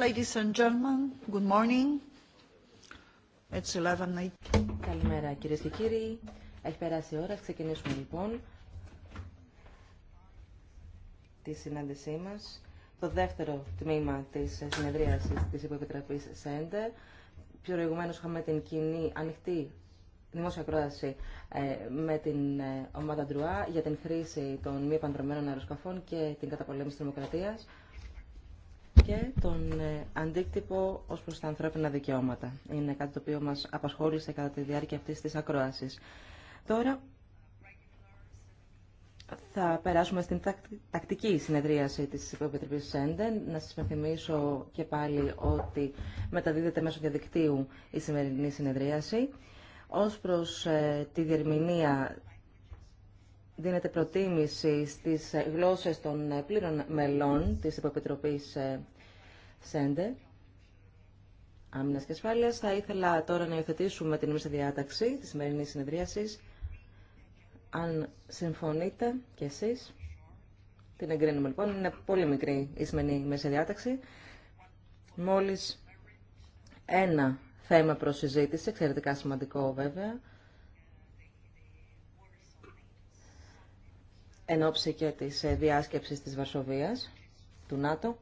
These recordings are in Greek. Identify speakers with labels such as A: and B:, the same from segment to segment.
A: Ladies and gentlemen, good morning. It's Καλημέρα κυρίες και κύριοι. Έχει περάσει η ώρα, ξεκινήσουμε λοιπόν τη συνάντησή μας. Το δεύτερο τμήμα της συνεδρίασης της Υποεπιτροπής ΣΕΝΤΕΡ. Προηγουμένως είχαμε την κοινή ανοιχτή δημόσια ακρόαση ε, με την ε, ομάδα Ντρουά για την χρήση των μη επανδρομένων αεροσκαφών και την καταπολέμηση της δημοκρατίας και τον ε, αντίκτυπο ω προ τα ανθρώπινα δικαιώματα. Είναι κάτι το οποίο μα απασχόλησε κατά τη διάρκεια αυτή της ακρόαση. Τώρα θα περάσουμε στην τακτική συνεδρίαση της Επιτροπής ΣΕΝΤΕΝ. Να σας υπενθυμίσω και πάλι ότι μεταδίδεται μέσω διαδικτύου η σημερινή συνεδρίαση. Ως προς ε, τη διερμηνία δίνεται προτίμηση στις ε, γλώσσες των πλήρων μελών της Υποπιτροπής Σέντε. Άμυνα και ασφάλεια. Θα ήθελα τώρα να υιοθετήσουμε την ημέρα διάταξη τη σημερινή συνεδρίαση. Αν συμφωνείτε κι εσεί, την εγκρίνουμε λοιπόν. Είναι πολύ μικρή η σημερινή ημέρα διάταξη. Μόλι ένα θέμα προ εξαιρετικά σημαντικό βέβαια. Εν ώψη και τη ε, διάσκεψη τη Βαρσοβία του ΝΑΤΟ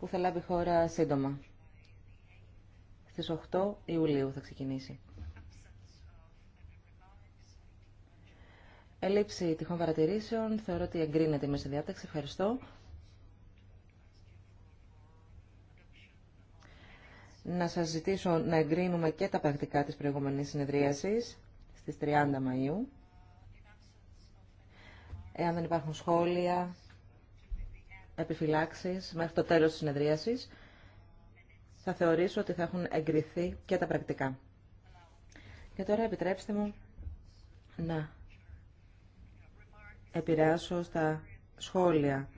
A: που θα λάβει χώρα σύντομα. Στις 8 Ιουλίου θα ξεκινήσει. Ελήψη τυχών παρατηρήσεων. Θεωρώ ότι εγκρίνεται η μέση διάταξη. Ευχαριστώ. Να σας ζητήσω να εγκρίνουμε και τα πρακτικά της προηγούμενης συνεδρίασης στις 30 Μαΐου. Εάν δεν υπάρχουν σχόλια, επιφυλάξεις μέχρι το τέλος της συνεδρίασης, θα θεωρήσω ότι θα έχουν εγκριθεί και τα πρακτικά. Και τώρα επιτρέψτε μου να επηρεάσω στα σχόλια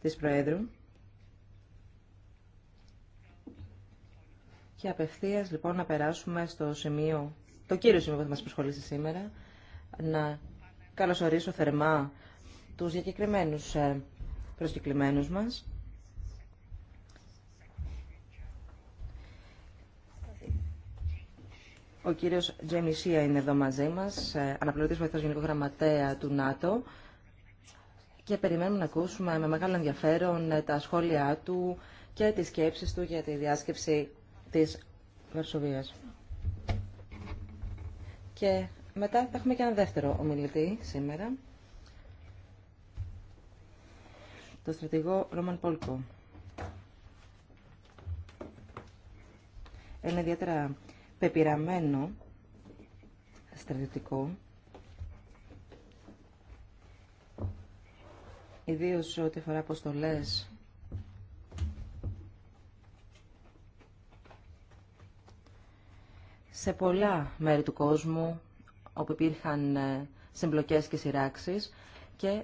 A: της Προέδρου και απευθείας λοιπόν να περάσουμε στο σημείο, το κύριο σημείο που θα μας προσχολήσει σήμερα, να καλωσορίσω θερμά τους διακεκριμένους ε, προσκεκλημένους μας. Ο κύριος Τζέμι είναι εδώ μαζί μας, ε, αναπληρωτής βοηθός Γενικού Γραμματέα του ΝΑΤΟ και περιμένουμε να ακούσουμε με μεγάλο ενδιαφέρον ε, τα σχόλιά του και τις σκέψεις του για τη διάσκεψη της Βαρσοβίας. Και μετά θα έχουμε και ένα δεύτερο ομιλητή σήμερα. Το στρατηγό Ρόμαν Πόλκο. Ένα ιδιαίτερα πεπειραμένο στρατιωτικό, ιδίως ό,τι αφορά αποστολές σε πολλά μέρη του κόσμου όπου υπήρχαν ε, συμπλοκές και σειράξεις και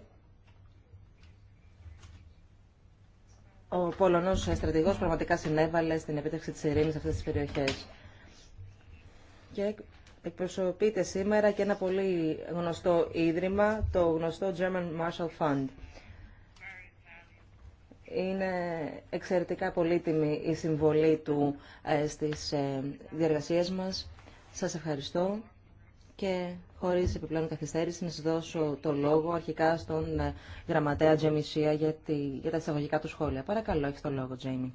A: Ο Πολωνό στρατηγό, πραγματικά συνέβαλε στην επίτευξη τη ειρήνη σε αυτέ τις περιοχές. Και εκπροσωπείται σήμερα και ένα πολύ γνωστό ίδρυμα, το γνωστό German Marshall Fund. Είναι εξαιρετικά πολύτιμη η συμβολή του ε, στις ε, διεργασίες μας. Σας ευχαριστώ και χωρίς επιπλέον καθυστέρηση να σας δώσω το λόγο αρχικά στον ε, γραμματέα Τζεμισία Σία για, για τα εισαγωγικά του σχόλια. Παρακαλώ, έχει το λόγο Τζέιμι.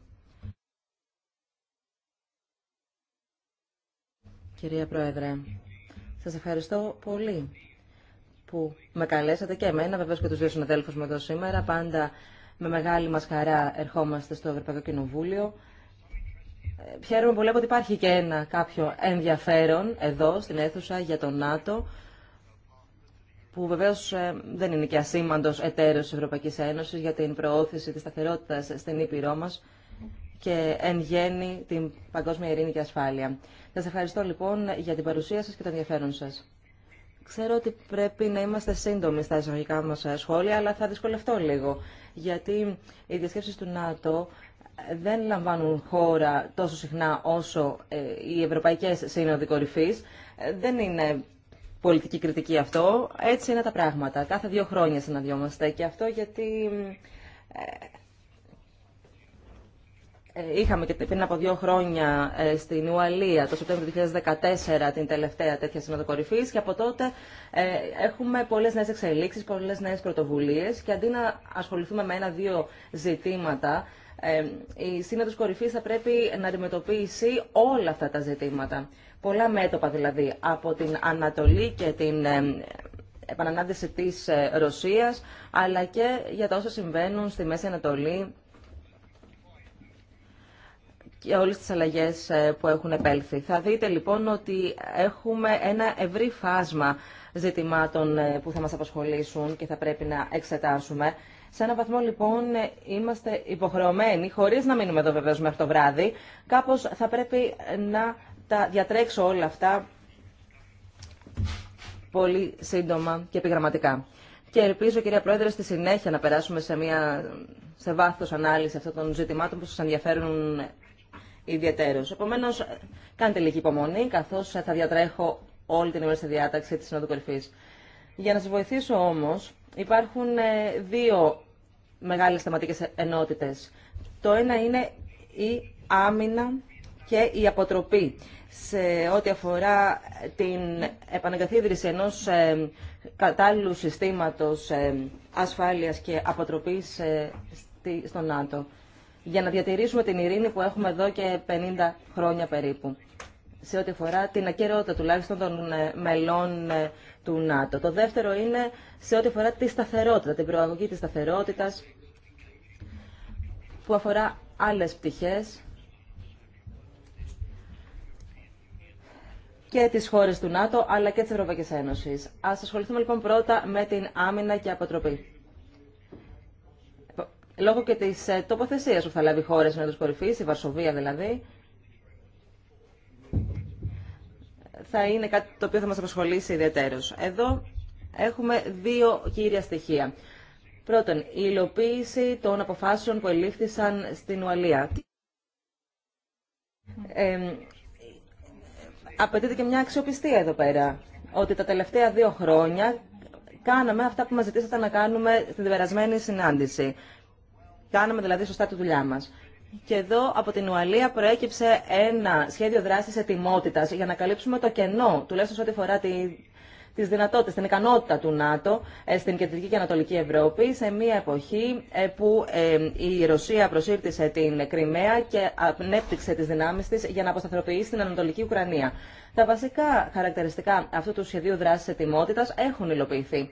A: Κυρία Πρόεδρε, σας ευχαριστώ πολύ που με καλέσατε και εμένα, βεβαίω και τους δύο συναδέλφους μου εδώ σήμερα. Πάντα με μεγάλη μας χαρά ερχόμαστε στο Ευρωπαϊκό Κοινοβούλιο χαίρομαι πολύ ότι υπάρχει και ένα κάποιο ενδιαφέρον εδώ στην αίθουσα για το ΝΑΤΟ που βεβαίω ε, δεν είναι και ασήμαντο εταίρο τη Ευρωπαϊκή Ένωση για την προώθηση τη σταθερότητα στην Ήπειρο μα και εν γέννη την παγκόσμια ειρήνη και ασφάλεια. Σα ευχαριστώ λοιπόν για την παρουσία σα και το ενδιαφέρον σα. Ξέρω ότι πρέπει να είμαστε σύντομοι στα εισαγωγικά μα ε, σχόλια, αλλά θα δυσκολευτώ λίγο. Γιατί οι διασκέψει του ΝΑΤΟ δεν λαμβάνουν χώρα τόσο συχνά όσο ε, οι ευρωπαϊκές σύνοδοι κορυφής. Ε, δεν είναι πολιτική κριτική αυτό. Έτσι είναι τα πράγματα. Κάθε δύο χρόνια συναντιόμαστε και αυτό γιατί ε, Είχαμε και πριν από δύο χρόνια στην Ουαλία, το Σεπτέμβριο του 2014, την τελευταία τέτοια σύνοδο κορυφή και από τότε έχουμε πολλέ νέε εξελίξει, πολλέ νέε πρωτοβουλίε και αντί να ασχοληθούμε με ένα-δύο ζητήματα η Σύνοδος Κορυφής θα πρέπει να αντιμετωπίσει όλα αυτά τα ζητήματα. Πολλά μέτωπα δηλαδή, από την Ανατολή και την επανανάντηση της ε, Ρωσίας, αλλά και για τα όσα συμβαίνουν στη Μέση Ανατολή και όλες τις αλλαγές ε, που έχουν επέλθει. Θα δείτε λοιπόν ότι έχουμε ένα ευρύ φάσμα ζητημάτων ε, που θα μας απασχολήσουν και θα πρέπει να εξετάσουμε. Σε ένα βαθμό λοιπόν είμαστε υποχρεωμένοι, χωρίς να μείνουμε εδώ βεβαίως μέχρι το βράδυ, κάπως θα πρέπει να τα διατρέξω όλα αυτά πολύ σύντομα και επιγραμματικά. Και ελπίζω, κυρία Πρόεδρε, στη συνέχεια να περάσουμε σε, μια, σε βάθος ανάλυση αυτών των ζητημάτων που σας ενδιαφέρουν ιδιαίτερως. Επομένως, κάντε λίγη υπομονή, καθώς θα διατρέχω όλη την ημέρα στη διάταξη της Συνόδου Κορυφής. Για να σας βοηθήσω όμως, Υπάρχουν ε, δύο μεγάλες θεματικές ε, ενότητες. Το ένα είναι η άμυνα και η αποτροπή σε ό,τι αφορά την επαναγκαθίδρυση ενός ε, κατάλληλου συστήματος ασφάλειας και αποτροπής στο ΝΑΤΟ για να διατηρήσουμε την ειρήνη που έχουμε εδώ και 50 χρόνια περίπου σε ό,τι αφορά την ακαιρεότητα τουλάχιστον των μελών του ΝΑΤΟ. Το δεύτερο είναι σε ό,τι αφορά τη σταθερότητα, την προαγωγή της σταθερότητας που αφορά άλλες πτυχές και τις χώρες του ΝΑΤΟ αλλά και της Ευρωπαϊκής Ένωσης. Ας ασχοληθούμε λοιπόν πρώτα με την άμυνα και αποτροπή. Λόγω και της ε, τοποθεσίας που θα λάβει χώρες με τους κορυφείς, η Βαρσοβία δηλαδή, θα είναι κάτι το οποίο θα μας απασχολήσει ιδιαίτερως. Εδώ έχουμε δύο κύρια στοιχεία. Πρώτον, η υλοποίηση των αποφάσεων που ελήφθησαν στην Ουαλία. Ε, απαιτείται και μια αξιοπιστία εδώ πέρα, ότι τα τελευταία δύο χρόνια κάναμε αυτά που μας ζητήσατε να κάνουμε στην περασμένη συνάντηση. Κάναμε δηλαδή σωστά τη δουλειά μας. Και εδώ από την Ουαλία προέκυψε ένα σχέδιο δράσης ετοιμότητας για να καλύψουμε το κενό, τουλάχιστον ό,τι αφορά τη, τις δυνατότητες, την ικανότητα του ΝΑΤΟ ε, στην Κεντρική και Ανατολική Ευρώπη σε μια εποχή ε, που ε, η Ρωσία προσήρτησε την Κρυμαία και ανέπτυξε τις δυνάμεις της για να αποσταθεροποιήσει την Ανατολική Ουκρανία. Τα βασικά χαρακτηριστικά αυτού του σχεδίου δράσης ετοιμότητας έχουν υλοποιηθεί.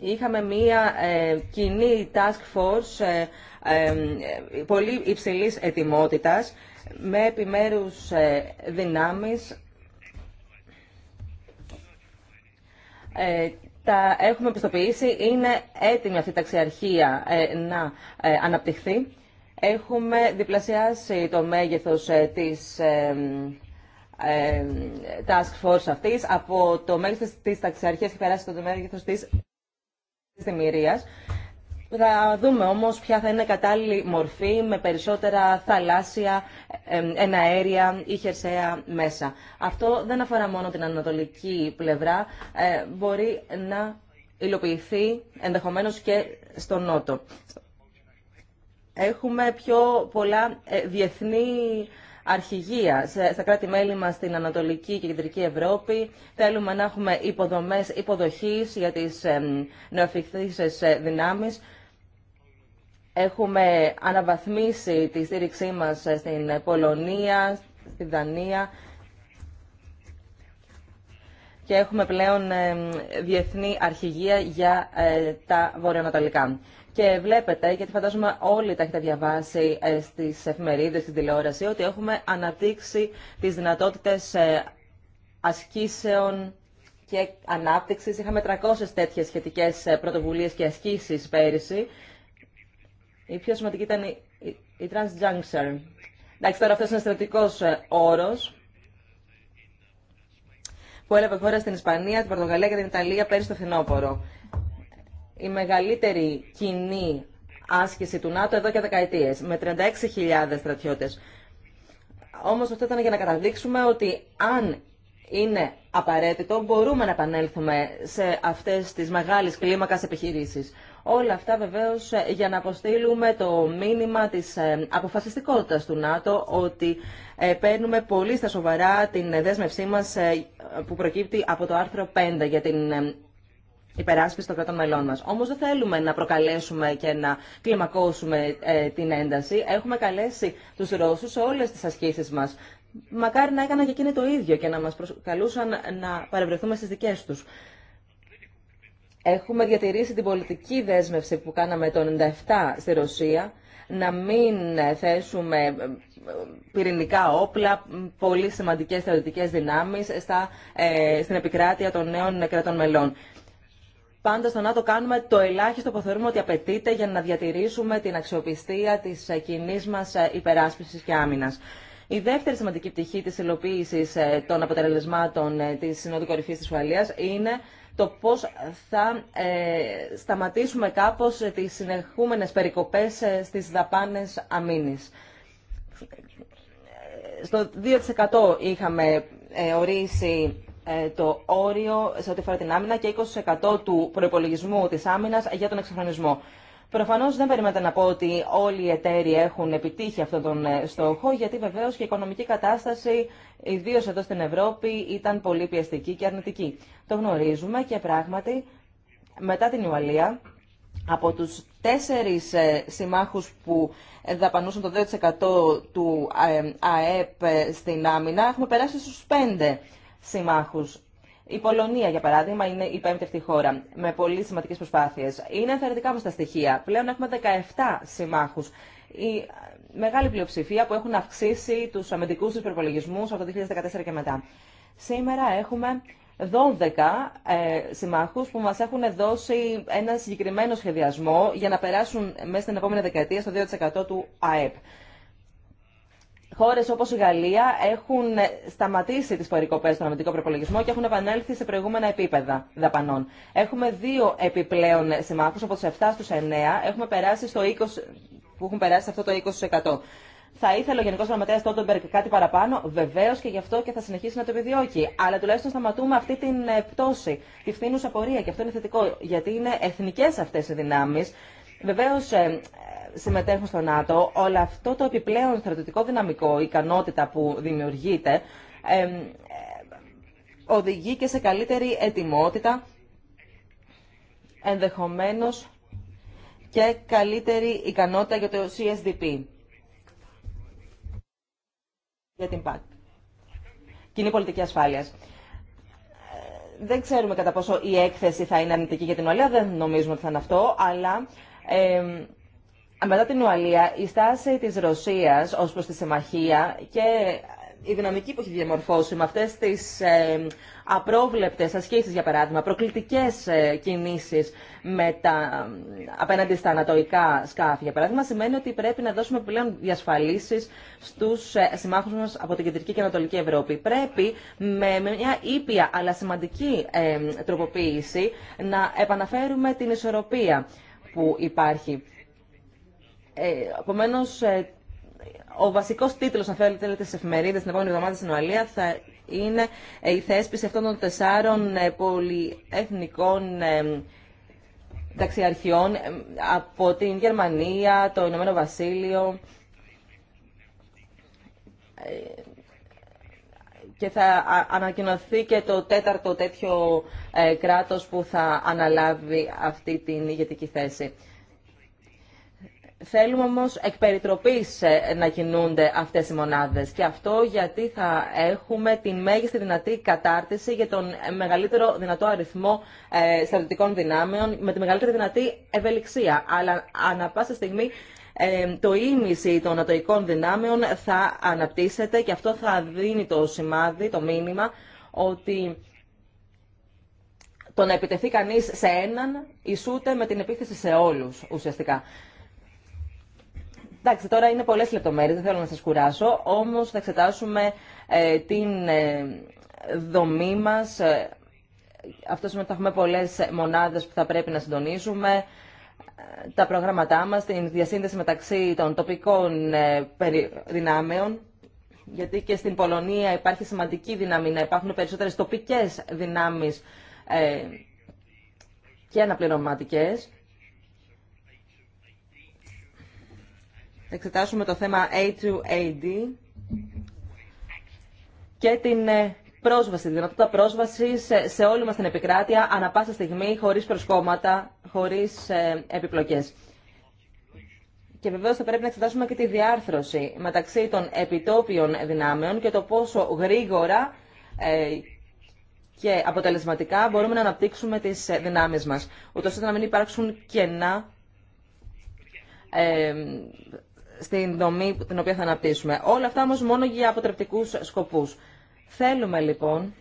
A: Είχαμε μία κοινή task force πολύ υψηλής ετοιμότητας με επιμέρους ε, δυνάμεις ε, τα έχουμε πιστοποιήσει είναι έτοιμη αυτή η ταξιαρχία ε, να αναπτυχθεί. Έχουμε διπλασιάσει το μέγεθος της task force αυτής από το μέγεθος της ταξιαρχίας και περάσει το μέγεθος της δημιουργίας θα δούμε όμως ποια θα είναι κατάλληλη μορφή με περισσότερα θαλάσσια, εναέρια ή χερσαία μέσα. Αυτό δεν αφορά μόνο την ανατολική πλευρά, ε, μπορεί να υλοποιηθεί ενδεχομένως και στο νότο. Έχουμε πιο πολλά ε, διεθνή αρχηγία στα κράτη-μέλη μας στην Ανατολική και Κεντρική Ευρώπη. Θέλουμε να έχουμε υποδομές υποδοχής για τις νεοφυκτήσεις ε, δυνάμεις. Έχουμε αναβαθμίσει τη στήριξή μας στην Πολωνία, στη Δανία και έχουμε πλέον ε, διεθνή αρχηγία για ε, τα βορειοανατολικά. Και βλέπετε, γιατί φαντάζομαι όλοι τα έχετε διαβάσει ε, στις εφημερίδες, στην τηλεόραση, ότι έχουμε αναπτύξει τις δυνατότητες ασκήσεων και ανάπτυξης. Είχαμε 300 τέτοιες σχετικές πρωτοβουλίες και ασκήσεις πέρυσι η πιο σημαντική ήταν η, η, transjuncture. Εντάξει, τώρα αυτός είναι στρατικός ε, όρος που έλαβε χώρα στην Ισπανία, την Πορτογαλία και την Ιταλία πέρυσι το φθινόπωρο. Η μεγαλύτερη κοινή άσκηση του ΝΑΤΟ εδώ και δεκαετίες, με 36.000 στρατιώτες. Όμως αυτό ήταν για να καταδείξουμε ότι αν είναι απαραίτητο, μπορούμε να επανέλθουμε σε αυτές τις μεγάλες κλίμακας επιχειρήσεις. Όλα αυτά βεβαίως ε, για να αποστείλουμε το μήνυμα της ε, αποφασιστικότητα του ΝΑΤΟ ότι ε, παίρνουμε πολύ στα σοβαρά την δέσμευσή μας που προκύπτει από το άρθρο 5 για την υπεράσπιση των κρατών μελών μας. Όμω δεν θέλουμε να προκαλέσουμε και να κλιμακώσουμε την ένταση. Έχουμε καλέσει τους Ρώσου σε όλες τις ασκήσει μα. Μακάρι να έκαναν και εκείνοι το ίδιο και να μας προσκαλούσαν να παρευρεθούμε στις δικές τους έχουμε διατηρήσει την πολιτική δέσμευση που κάναμε το 1997 στη Ρωσία να μην θέσουμε ε, ε, πυρηνικά όπλα, πολύ σημαντικές θεωρητικές δυνάμεις στα, ε, στην επικράτεια των νέων κρατών μελών. Πάντα στο ΝΑΤΟ κάνουμε το ελάχιστο που θεωρούμε ότι απαιτείται για να διατηρήσουμε την αξιοπιστία της κοινή μας υπεράσπισης και άμυνας. Η δεύτερη σημαντική πτυχή της υλοποίησης των αποτελεσμάτων της Συνόδου Κορυφής της Ουαλίας είναι το πώς θα ε, σταματήσουμε κάπως τις συνεχούμενες περικοπές ε, στις δαπάνες αμήνης. Στο 2% είχαμε ε, ορίσει το όριο σε ό,τι αφορά την άμυνα και 20% του προϋπολογισμού της άμυνας για τον εξαφανισμό. Προφανώ δεν περιμένετε να πω ότι όλοι οι εταίροι έχουν επιτύχει αυτόν τον ε, στόχο, γιατί βεβαίω και η οικονομική κατάσταση, ιδίω εδώ στην Ευρώπη, ήταν πολύ πιεστική και αρνητική. Το γνωρίζουμε και πράγματι μετά την Ιουαλία, από τους τέσσερις ε, συμμάχους που δαπανούσαν το 2% του ε, ΑΕΠ στην άμυνα, έχουμε περάσει στους πέντε συμμάχους η Πολωνία, για παράδειγμα, είναι η πέμπτη αυτή χώρα με πολύ σημαντικέ προσπάθειε. Είναι ενθαρρυντικά μα τα στοιχεία. Πλέον έχουμε 17 συμμάχου. Η μεγάλη πλειοψηφία που έχουν αυξήσει του αμυντικού του προπολογισμού από το 2014 και μετά. Σήμερα έχουμε 12 ε, συμμάχου που μα έχουν δώσει ένα συγκεκριμένο σχεδιασμό για να περάσουν μέσα στην επόμενη δεκαετία στο 2% του ΑΕΠ. Χώρε όπω η Γαλλία έχουν σταματήσει τι περικοπέ στον αμυντικό προπολογισμό και έχουν επανέλθει σε προηγούμενα επίπεδα δαπανών. Έχουμε δύο επιπλέον συμμάχου, από του 7 στου 9, έχουμε περάσει στο 20, που έχουν περάσει σε αυτό το 20%. Θα ήθελε ο Γενικό Γραμματέα Τόντομπερκ κάτι παραπάνω, βεβαίω και γι' αυτό και θα συνεχίσει να το επιδιώκει. Αλλά τουλάχιστον σταματούμε αυτή την ε, πτώση, τη φθήνουσα πορεία. Και αυτό είναι θετικό, γιατί είναι εθνικέ αυτέ οι δυνάμει. Βεβαίω ε, συμμετέχουν στο ΝΑΤΟ, όλο αυτό το επιπλέον στρατιωτικό δυναμικό, η ικανότητα που δημιουργείται, ε, οδηγεί και σε καλύτερη ετοιμότητα, ενδεχομένως και καλύτερη ικανότητα για το CSDP, για την ΠΑΚ, Κοινή Πολιτική Ασφάλειας. Ε, δεν ξέρουμε κατά πόσο η έκθεση θα είναι αρνητική για την ΟΛΕΑ. δεν νομίζουμε ότι θα είναι αυτό, αλλά μετά την Ουαλία, η στάση της Ρωσίας ως προς τη συμμαχία και η δυναμική που έχει διαμορφώσει με αυτές τις ε, απρόβλεπτες ασκήσεις, για παράδειγμα, προκλητικές ε, κινήσεις με τα, ε, απέναντι στα ανατοϊκά σκάφη, για παράδειγμα, σημαίνει ότι πρέπει να δώσουμε πλέον διασφαλίσεις στους ε, συμμάχους μας από την Κεντρική και Ανατολική Ευρώπη. Πρέπει με, με μια ήπια αλλά σημαντική ε, τροποποίηση να επαναφέρουμε την ισορροπία που υπάρχει ε, Επομένω, ε, ο βασικό τίτλο, αν θέλετε, τη εφημερίδα την επόμενη εβδομάδα στην Ουαλία θα είναι ε, η θέσπιση αυτών των τεσσάρων πολυεθνικών ταξιαρχιών από την Γερμανία, το Ηνωμένο Βασίλειο και θα ανακοινωθεί και το τέταρτο τέτοιο κράτος που θα αναλάβει αυτή την ηγετική θέση. Θέλουμε όμως εκ περιτροπή ε, να κινούνται αυτές οι μονάδες και αυτό γιατί θα έχουμε τη μέγιστη δυνατή κατάρτιση για τον μεγαλύτερο δυνατό αριθμό ε, στρατιωτικών δυνάμεων με τη μεγαλύτερη δυνατή ευελιξία. Αλλά ανα πάσα στιγμή ε, το ίμιση των ατοικών δυνάμεων θα αναπτύσσεται και αυτό θα δίνει το σημάδι, το μήνυμα ότι το να επιτεθεί κανείς σε έναν ισούται με την επίθεση σε όλους ουσιαστικά. Εντάξει, τώρα είναι πολλές λεπτομέρειες, δεν θέλω να σας κουράσω, όμως θα εξετάσουμε ε, την ε, δομή μας. Ε, αυτό σημαίνει ότι θα έχουμε πολλές μονάδες που θα πρέπει να συντονίσουμε, τα προγράμματά μας, την διασύνδεση μεταξύ των τοπικών δυνάμεων, γιατί και στην Πολωνία υπάρχει σημαντική δύναμη να υπάρχουν περισσότερες τοπικές δυνάμεις και αναπληρωματικές. εξετάσουμε το θέμα A2AD και την ε, πρόσβαση, τη δυνατότητα πρόσβαση σε, όλη μας την επικράτεια, ανα πάσα στιγμή, χωρίς προσκόμματα, χωρίς ε, επιπλοκές. Και βεβαίω θα πρέπει να εξετάσουμε και τη διάρθρωση μεταξύ των επιτόπιων δυνάμεων και το πόσο γρήγορα ε, και αποτελεσματικά μπορούμε να αναπτύξουμε τις ε, δυνάμει μα. ούτω ώστε να μην υπάρξουν κενά στην δομή την οποία θα αναπτύσσουμε. Όλα αυτά όμως μόνο για αποτρεπτικούς σκοπούς. Θέλουμε λοιπόν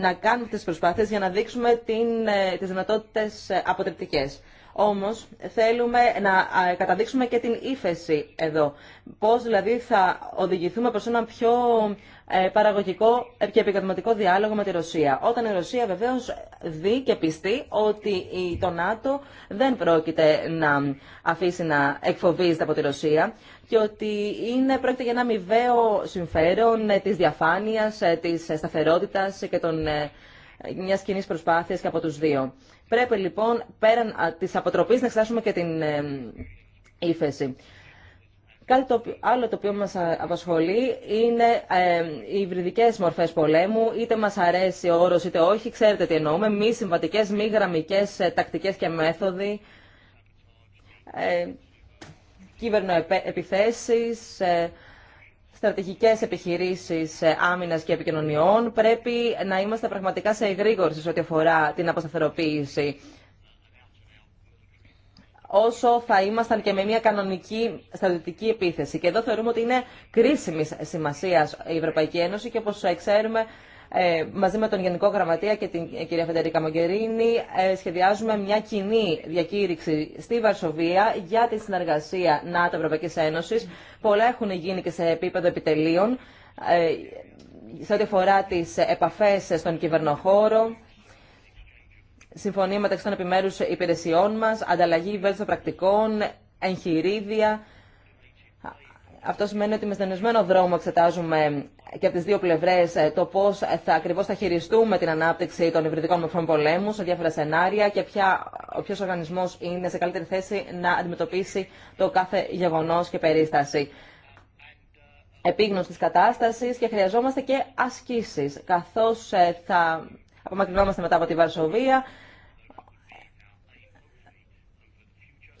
A: να κάνουμε τις προσπάθειες για να δείξουμε την, ε, τις δυνατότητες ε, αποτρεπτικές. Όμως θέλουμε να καταδείξουμε και την ύφεση εδώ. Πώς δηλαδή θα οδηγηθούμε προς έναν πιο ε, παραγωγικό και επικαδηματικό διάλογο με τη Ρωσία. Όταν η Ρωσία βεβαίω δει και πιστεί ότι το ΝΑΤΟ δεν πρόκειται να αφήσει να εκφοβίζεται από τη Ρωσία και ότι είναι, πρόκειται για ένα αμοιβαίο συμφέρον ε, τη διαφάνεια, ε, τη σταθερότητα και των μια κοινή προσπάθεια και από του δύο. Πρέπει λοιπόν πέραν τη αποτροπή να εξετάσουμε και την ύφεση. Κάτι άλλο το οποίο μας απασχολεί είναι οι υβριδικές μορφές πολέμου. Είτε μας αρέσει ο όρος είτε όχι, ξέρετε τι εννοούμε. Μη συμβατικές, μη γραμμικές ε, τακτικές και μέθοδοι. Ε, κυβερνοεπιθέσεις, στρατηγικές επιχειρήσεις ε, άμυνας και επικοινωνιών. Πρέπει να είμαστε πραγματικά σε εγρήγορση σε ό,τι αφορά την αποσταθεροποίηση όσο θα ήμασταν και με μια κανονική στρατιωτική επίθεση. Και εδώ θεωρούμε ότι είναι κρίσιμη σημασία η Ευρωπαϊκή Ένωση και όπω ξέρουμε, ε, μαζί με τον Γενικό Γραμματεία και την ε, κυρία Φεντερίκα Μογκερίνη, ε, σχεδιάζουμε μια κοινή διακήρυξη στη Βαρσοβία για τη συνεργασία ΝΑΤΟ-Ευρωπαϊκή Ένωση. Πολλά έχουν γίνει και σε επίπεδο επιτελείων σε ό,τι αφορά τι επαφέ στον κυβερνοχώρο συμφωνία μεταξύ των επιμέρου υπηρεσιών μα, ανταλλαγή βέλτιστων πρακτικών, εγχειρίδια. Αυτό σημαίνει ότι με στενισμένο δρόμο εξετάζουμε και από τι δύο πλευρέ ε, το πώ θα ακριβώ θα χειριστούμε την ανάπτυξη των υβριδικών μορφών πολέμου σε διάφορα σενάρια και ποια, ο ποιο οργανισμό είναι σε καλύτερη θέση να αντιμετωπίσει το κάθε γεγονό και περίσταση. Επίγνωση τη κατάσταση και χρειαζόμαστε και ασκήσει, καθώ ε, θα απομακρυνόμαστε μετά από τη Βαρσοβία,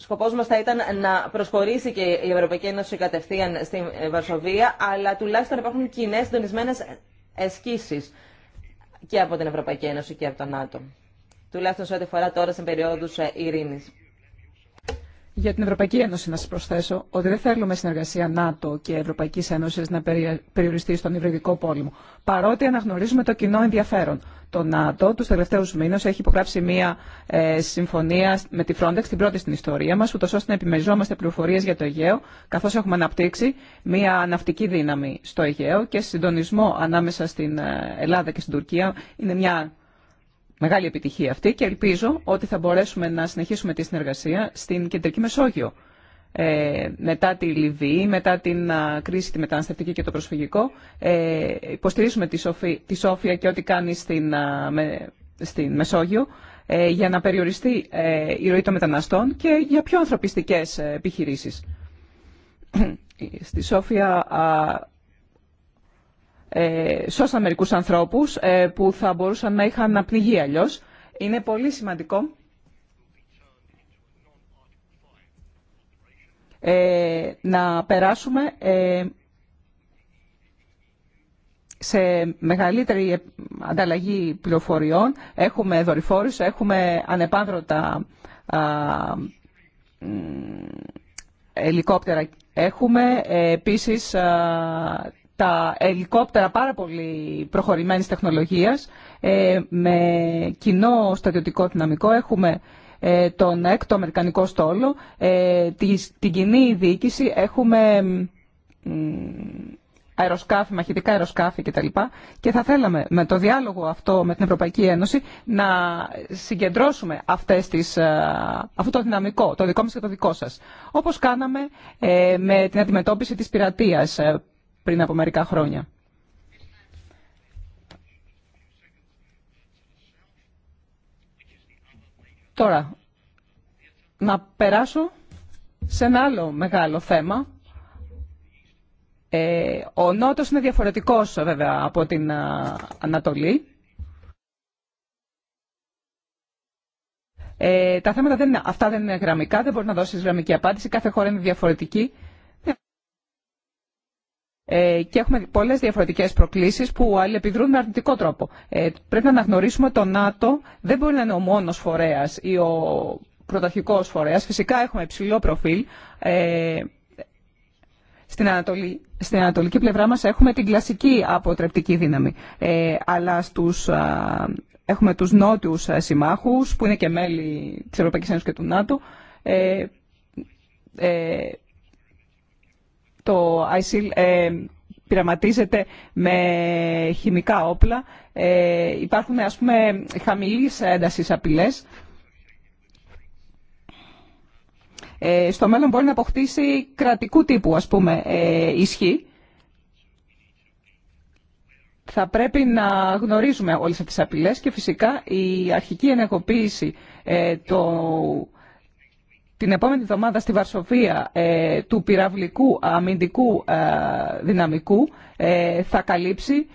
A: Σκοπός μας θα ήταν να προσχωρήσει και η Ευρωπαϊκή Ένωση κατευθείαν στην Βαρσοβία, αλλά τουλάχιστον υπάρχουν κοινέ συντονισμένε εσκήσεις και από την Ευρωπαϊκή Ένωση και από τον ΝΑΤΟ. Τουλάχιστον σε ό,τι αφορά τώρα σε περίοδου ε, Ειρηνή.
B: Για την Ευρωπαϊκή Ένωση να σας προσθέσω ότι δεν θέλουμε συνεργασία ΝΑΤΟ και Ευρωπαϊκής Ένωσης να περιοριστεί στον υβριδικό πόλεμο, παρότι αναγνωρίζουμε το κοινό ενδιαφέρον. Το ΝΑΤΟ τους τελευταίους μήνες έχει υπογράψει μία ε, συμφωνία με τη Frontex, την πρώτη στην ιστορία μα, ούτω ώστε να επιμεριζόμαστε πληροφορίε για το Αιγαίο, καθώς έχουμε αναπτύξει μία ναυτική δύναμη στο Αιγαίο και συντονισμό ανάμεσα στην ε, Ελλάδα και στην Τουρκία. Είναι μια μεγάλη επιτυχία αυτή και ελπίζω ότι θα μπορέσουμε να συνεχίσουμε τη συνεργασία στην Κεντρική Μεσόγειο ε, μετά τη Λιβύη, μετά την κρίση τη μεταναστευτική και το προσφυγικό. Ε, υποστηρίζουμε τη, Σοφία, και ό,τι κάνει στην, στην Μεσόγειο ε, για να περιοριστεί η ροή των μεταναστών και για πιο ανθρωπιστικές επιχειρήσεις. Στη Σόφια ε, σώσαμε μερικούς ανθρώπους που θα μπορούσαν να είχαν να πνιγεί Είναι πολύ σημαντικό Ε, να περάσουμε ε, σε μεγαλύτερη ανταλλαγή πληροφοριών. Έχουμε δορυφόρους, έχουμε ανεπάνδρωτα ελικόπτερα. Έχουμε ε, επίσης τα ελικόπτερα πάρα πολύ προχωρημένης τεχνολογίας με κοινό στρατιωτικό δυναμικό. Έχουμε ε, τον ΕΚ, το Αμερικανικό Στόλο, ε, την κοινή διοίκηση, έχουμε αεροσκάφη, μαχητικά αεροσκάφη κτλ. Και θα θέλαμε με το διάλογο αυτό με την Ευρωπαϊκή Ένωση να συγκεντρώσουμε αυτές τις, ε, αυτό το δυναμικό, το δικό μας και το δικό σας. Όπως κάναμε με την αντιμετώπιση της πειρατείας πριν από μερικά χρόνια. Τώρα, να περάσω σε ένα άλλο μεγάλο θέμα. Ε, ο Νότος είναι διαφορετικός βέβαια από την Ανατολή. Ε, τα θέματα δεν είναι, αυτά δεν είναι γραμμικά, δεν μπορεί να δώσει γραμμική απάντηση. Κάθε χώρα είναι διαφορετική ε, και έχουμε πολλές διαφορετικές προκλήσεις που αλληλεπιδρούν με αρνητικό τρόπο. Ε, πρέπει να αναγνωρίσουμε το ΝΑΤΟ δεν μπορεί να είναι ο μόνος φορέα ή ο πρωταρχικό φορέα. Φυσικά έχουμε υψηλό προφίλ. Ε, στην, Ανατολή, στην ανατολική πλευρά μας έχουμε την κλασική αποτρεπτική δύναμη. αλλά στους, έχουμε τους νότιους συμμάχους που είναι και μέλη της Ευρωπαϊκής Ένωσης και του ΝΑΤΟ. Ε, το ISIL ε, πειραματίζεται με χημικά όπλα. Ε, υπάρχουν, ας πούμε, χαμηλής έντασης απειλές. Ε, στο μέλλον μπορεί να αποκτήσει κρατικού τύπου, ας πούμε, ε, ισχύ. Θα πρέπει να γνωρίζουμε όλες αυτές τις απειλές και φυσικά η αρχική ενεργοποίηση ε, του την επόμενη εβδομάδα στη Βαρσοβία ε, του πυραυλικού αμυντικού ε, δυναμικού ε, θα καλύψει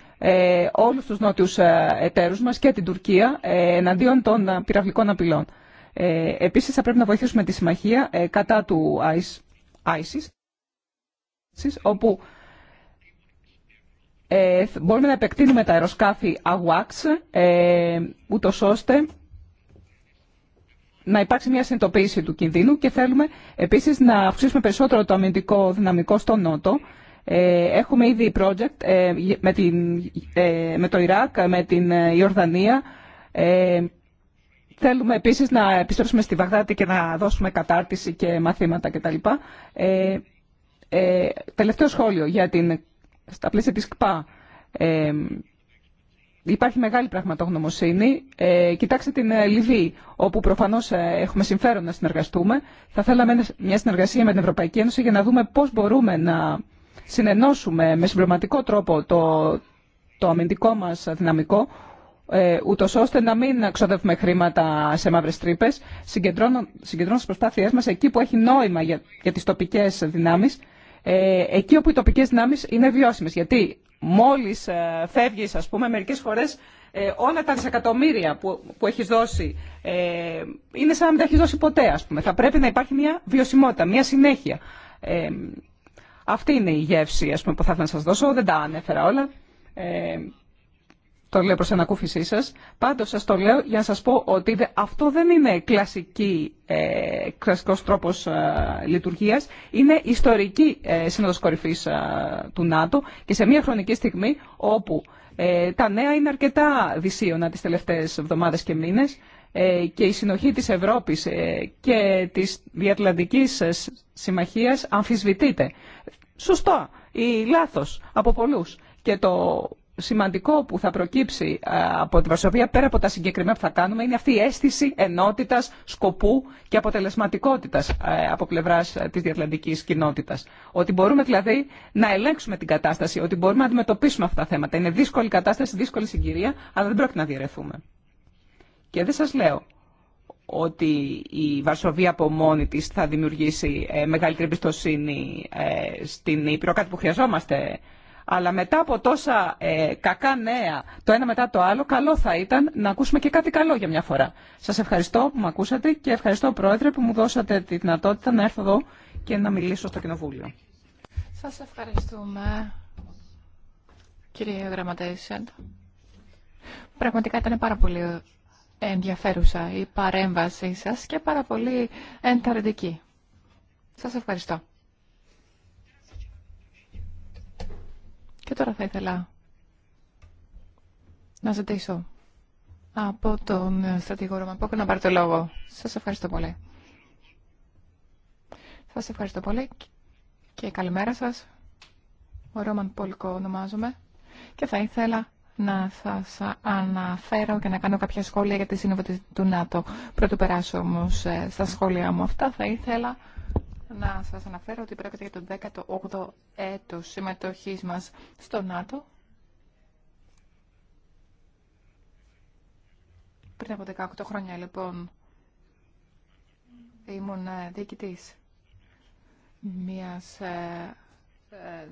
B: όλους τους νότιους εταίρους μας και την Τουρκία εναντίον των πυραυλικών απειλών. Επίσης θα πρέπει να βοηθήσουμε τη συμμαχία κατά του ISIS όπου μπορούμε να επεκτείνουμε τα αεροσκάφη AWACS ούτως ώστε να υπάρξει μια συνειδητοποίηση του κινδύνου και θέλουμε επίσης να αυξήσουμε περισσότερο το αμυντικό δυναμικό στο Νότο. Ε, έχουμε ήδη project ε, ε, με, το Ιράκ, με την Ιορδανία. θέλουμε επίσης να επιστρέψουμε στη Βαγδάτη και να δώσουμε κατάρτιση και μαθήματα κτλ. Ε, ε, τελευταίο σχόλιο για την, στα πλαίσια της ΚΠΑ. Υπάρχει μεγάλη πραγματογνωμοσύνη. Ε, κοιτάξτε την ε, Λιβύη, όπου προφανώ ε, έχουμε συμφέρον να συνεργαστούμε. Θα θέλαμε μια συνεργασία με την Ευρωπαϊκή Ένωση για να δούμε πώ μπορούμε να συνενώσουμε με συμπληρωματικό τρόπο το, το αμυντικό μα δυναμικό, ε, ούτω ώστε να μην ξοδεύουμε χρήματα σε μαύρε τρύπε, συγκεντρώνοντα τι προσπάθειέ μα εκεί που έχει νόημα για, για τι τοπικέ δυνάμει, ε, εκεί όπου οι τοπικέ δυνάμει είναι βιώσιμε. Γιατί μόλις ε, φεύγεις, ας πούμε, μερικές φορές ε, όλα τα δισεκατομμύρια που, που έχεις δώσει ε, είναι σαν να μην τα έχεις δώσει ποτέ, ας πούμε. Θα πρέπει να υπάρχει μια βιωσιμότητα, μια συνέχεια. αυτή είναι η γεύση, ας πούμε, που θα ήθελα να σας δώσω. Δεν τα ανέφερα όλα το λέω προς ανακούφισή σας. Πάντως σας το λέω για να σας πω ότι αυτό δεν είναι κλασική, ε, κλασικός τρόπος ε, λειτουργίας. Είναι ιστορική ε, σύνοδος ε, του ΝΑΤΟ και σε μια χρονική στιγμή όπου ε, τα νέα είναι αρκετά δυσίωνα τις τελευταίες εβδομάδες και μήνες και η συνοχή της Ευρώπης και της Διατλαντικής Συμμαχίας αμφισβητείται. Σωστό ή λάθος από πολλούς. Και το σημαντικό που θα προκύψει ε, από τη Βαρσοβία, πέρα από τα συγκεκριμένα που θα κάνουμε, είναι αυτή η αίσθηση ενότητας, σκοπού και αποτελεσματικότητας ε, από πλευράς ε, της διατλαντική κοινότητα. Ότι μπορούμε δηλαδή να ελέγξουμε την κατάσταση, ότι μπορούμε να αντιμετωπίσουμε αυτά τα θέματα. Είναι δύσκολη κατάσταση, δύσκολη συγκυρία, αλλά δεν πρόκειται να διαιρεθούμε. Και δεν σας λέω ότι η Βαρσοβία από μόνη της θα δημιουργήσει μεγαλύτερη εμπιστοσύνη στην Ήπειρο, κάτι που χρειαζόμαστε αλλά μετά από τόσα ε, κακά νέα, το ένα μετά το άλλο, καλό θα ήταν να ακούσουμε και κάτι καλό για μια φορά. Σας ευχαριστώ που με ακούσατε και ευχαριστώ, Πρόεδρε, που μου δώσατε τη δυνατότητα να έρθω εδώ και να μιλήσω στο Κοινοβούλιο.
C: Σας ευχαριστούμε,
B: κύριε Γραμματέα
C: Πραγματικά ήταν πάρα πολύ ενδιαφέρουσα η παρέμβασή σας και πάρα πολύ ενθαρρυντική. Σας ευχαριστώ. Και τώρα θα ήθελα να ζητήσω από τον στρατηγό και να πάρει το λόγο. Σας ευχαριστώ πολύ. Σας ευχαριστώ πολύ και καλημέρα σας. Ο Ρόμαν Πολκο ονομάζομαι και θα ήθελα να σας αναφέρω και να κάνω κάποια σχόλια για τη σύνοδο του ΝΑΤΟ. Πρώτο περάσω όμως ε, στα σχόλια μου αυτά θα ήθελα να σας αναφέρω ότι πρόκειται για το 18ο έτος συμμετοχής μας στο ΝΑΤΟ. Πριν από 18 χρόνια, λοιπόν, ήμουν διοικητής μιας ε, ε,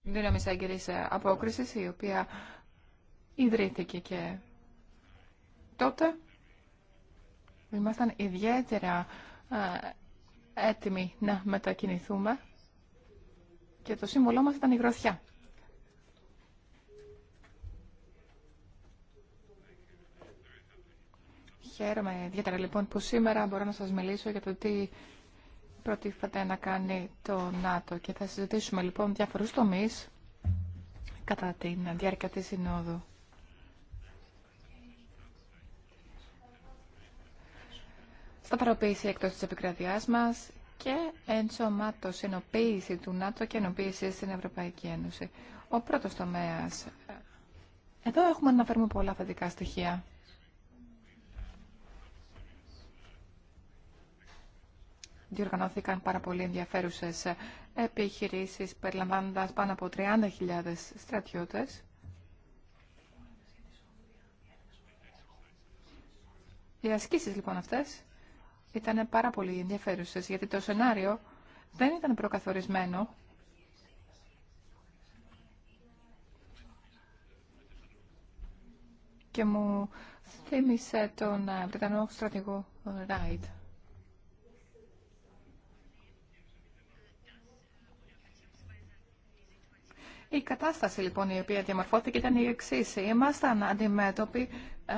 C: δύναμης εγκυρής απόκρισης, η οποία ιδρύθηκε και τότε. Ήμασταν ιδιαίτερα ε, έτοιμοι να μετακινηθούμε και το σύμβολό μας ήταν η γροθιά. Χαίρομαι ιδιαίτερα λοιπόν που σήμερα μπορώ να σας μιλήσω για το τι προτίθεται να κάνει το ΝΑΤΟ και θα συζητήσουμε λοιπόν διάφορους τομείς κατά την διάρκεια της Συνόδου. σταθεροποίηση εκτός της επικρατείας μας και ενσωμάτωση, ενοποίηση του ΝΑΤΟ και ενοποίηση στην Ευρωπαϊκή Ένωση. Ο πρώτος τομέας. Εδώ έχουμε να φέρουμε πολλά θετικά στοιχεία. Διοργανώθηκαν πάρα πολύ ενδιαφέρουσες επιχειρήσεις, περιλαμβάνοντας πάνω από 30.000 στρατιώτες. Οι ασκήσεις λοιπόν αυτές ήταν πάρα πολύ ενδιαφέρουσες, γιατί το σενάριο δεν ήταν προκαθορισμένο. Και μου θύμισε τον ε, Βρετανό στρατηγό Ράιτ. Η κατάσταση λοιπόν η οποία διαμορφώθηκε ήταν η εξή. Ήμασταν αντιμέτωποι ε,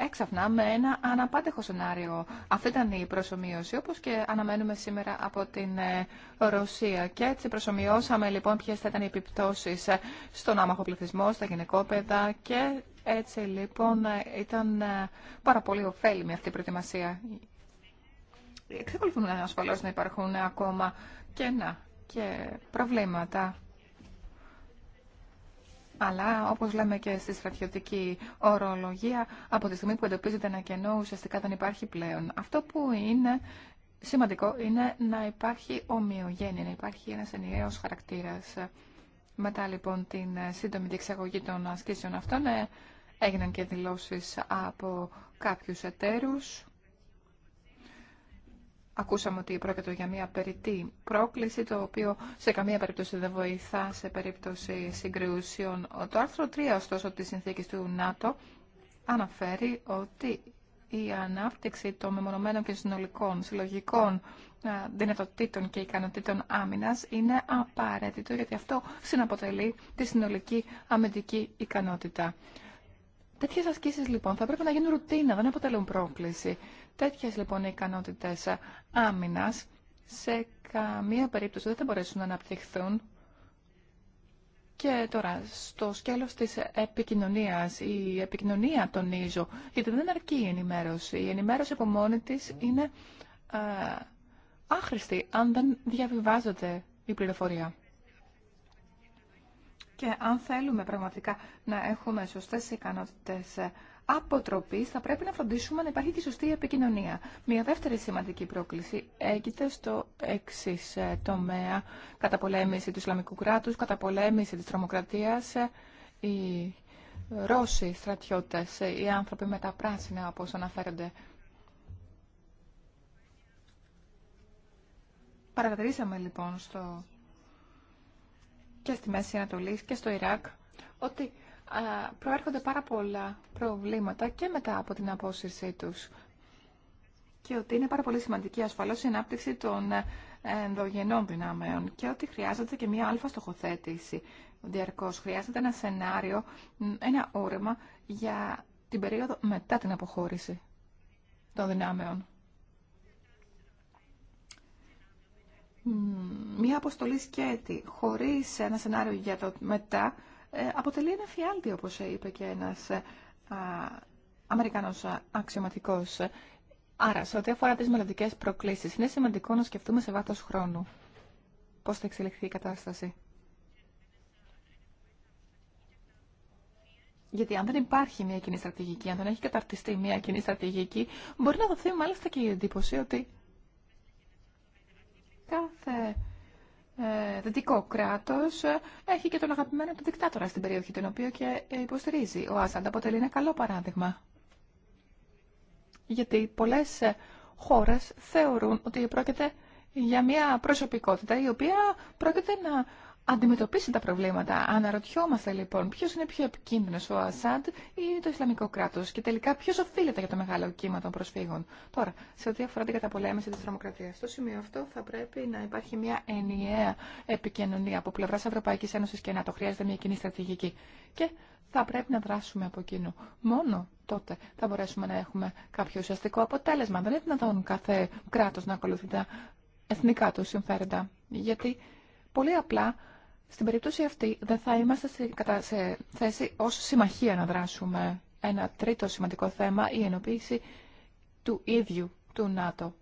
C: ε, έξαφνα με ένα αναπάντεχο σενάριο. Αυτή ήταν η προσωμείωση, όπως και αναμένουμε σήμερα από την ε, Ρωσία. Και έτσι προσωμιώσαμε λοιπόν ποιες θα ήταν οι επιπτώσεις ε, στον άμαχο πληθυσμό, στα γυναικόπαιδα και έτσι λοιπόν ε, ήταν πάρα πολύ ωφέλιμη αυτή η προετοιμασία. Εξακολουθούν ασφαλώς να υπάρχουν ακόμα κενά και προβλήματα. Αλλά, όπως λέμε και στη στρατιωτική ορολογία, από τη στιγμή που εντοπίζεται ένα κενό, ουσιαστικά δεν υπάρχει πλέον. Αυτό που είναι σημαντικό είναι να υπάρχει ομοιογένεια, να υπάρχει ένα ενιαίος χαρακτήρας. Μετά λοιπόν την σύντομη διεξαγωγή των ασκήσεων αυτών ε, έγιναν και δηλώσει από κάποιου εταίρου. Ακούσαμε ότι πρόκειται για μια περιττή πρόκληση, το οποίο σε καμία περίπτωση δεν βοηθά σε περίπτωση συγκριουσιών. Το άρθρο 3, ωστόσο, της συνθήκης του ΝΑΤΟ αναφέρει ότι η ανάπτυξη των μεμονωμένων και συνολικών συλλογικών ε, δυνατοτήτων και ικανοτήτων άμυνας είναι απαραίτητο, γιατί αυτό συναποτελεί τη συνολική αμυντική ικανότητα. Τέτοιες ασκήσεις, λοιπόν, θα πρέπει να γίνουν ρουτίνα, δεν αποτελούν πρόκληση. Τέτοιες λοιπόν οι ικανότητες άμυνας σε καμία περίπτωση δεν θα μπορέσουν να αναπτυχθούν και τώρα, στο σκέλος της επικοινωνίας, η επικοινωνία τονίζω, γιατί δεν αρκεί η ενημέρωση. Η ενημέρωση από μόνη της είναι άχρηστη, αν δεν διαβιβάζεται η πληροφορία. Και αν θέλουμε πραγματικά να έχουμε σωστές ικανότητες αποτροπής θα πρέπει να φροντίσουμε να υπάρχει τη σωστή επικοινωνία. Μια δεύτερη σημαντική πρόκληση έγινε στο εξή ε, τομέα. Καταπολέμηση του Ισλαμικού κράτους, καταπολέμηση της τρομοκρατίας, ε, οι Ρώσοι στρατιώτε, ε, οι άνθρωποι με τα πράσινα όπως αναφέρονται. Παρατηρήσαμε λοιπόν στο... και στη Μέση Ανατολή και στο Ιράκ ότι προέρχονται πάρα πολλά προβλήματα και μετά από την απόσυρσή τους. Και ότι είναι πάρα πολύ σημαντική ασφαλώς η ανάπτυξη των ενδογενών δυνάμεων και ότι χρειάζεται και μια αλφα στοχοθέτηση διαρκώς. Χρειάζεται ένα σενάριο, ένα όρεμα για την περίοδο μετά την αποχώρηση των δυνάμεων. Μία αποστολή σκέτη χωρίς ένα σενάριο για το μετά ε, αποτελεί ένα φιάλτη, όπως είπε και ένας ε, Αμερικανός αξιωματικός. Άρα, σε ό,τι αφορά τις μελλοντικέ προκλήσεις, είναι σημαντικό να σκεφτούμε σε βάθος χρόνου πώς θα εξελιχθεί η κατάσταση. Γιατί αν δεν υπάρχει μια κοινή στρατηγική, αν δεν έχει καταρτιστεί μια κοινή στρατηγική, μπορεί να δοθεί μάλιστα και η εντύπωση ότι κάθε ε, δυτικό κράτο ε, έχει και τον αγαπημένο του δικτάτορα στην περιοχή, τον οποίο και υποστηρίζει. Ο Άσάντα αποτελεί ένα καλό παράδειγμα. Γιατί πολλές ε, χώρες θεωρούν ότι πρόκειται για μια προσωπικότητα η οποία πρόκειται να αντιμετωπίσει τα προβλήματα. Αναρωτιόμαστε λοιπόν ποιο είναι πιο επικίνδυνο, ο Ασάντ ή το Ισλαμικό κράτο και τελικά ποιο οφείλεται για το μεγάλο κύμα των προσφύγων. Τώρα, σε ό,τι αφορά την καταπολέμηση τη τρομοκρατία, στο σημείο αυτό θα πρέπει να υπάρχει μια ενιαία επικοινωνία από πλευρά Ευρωπαϊκή Ένωση και ΝΑΤΟ. Χρειάζεται μια κοινή στρατηγική. Και θα πρέπει να δράσουμε από κοινού. Μόνο τότε θα μπορέσουμε να έχουμε κάποιο ουσιαστικό αποτέλεσμα. Δεν είναι δυνατόν κάθε κράτο να ακολουθεί τα εθνικά του συμφέροντα. Γιατί πολύ απλά στην περίπτωση αυτή δεν θα είμαστε σε θέση ως συμμαχία να δράσουμε. Ένα τρίτο σημαντικό θέμα, η ενοποίηση του ίδιου του ΝΑΤΟ.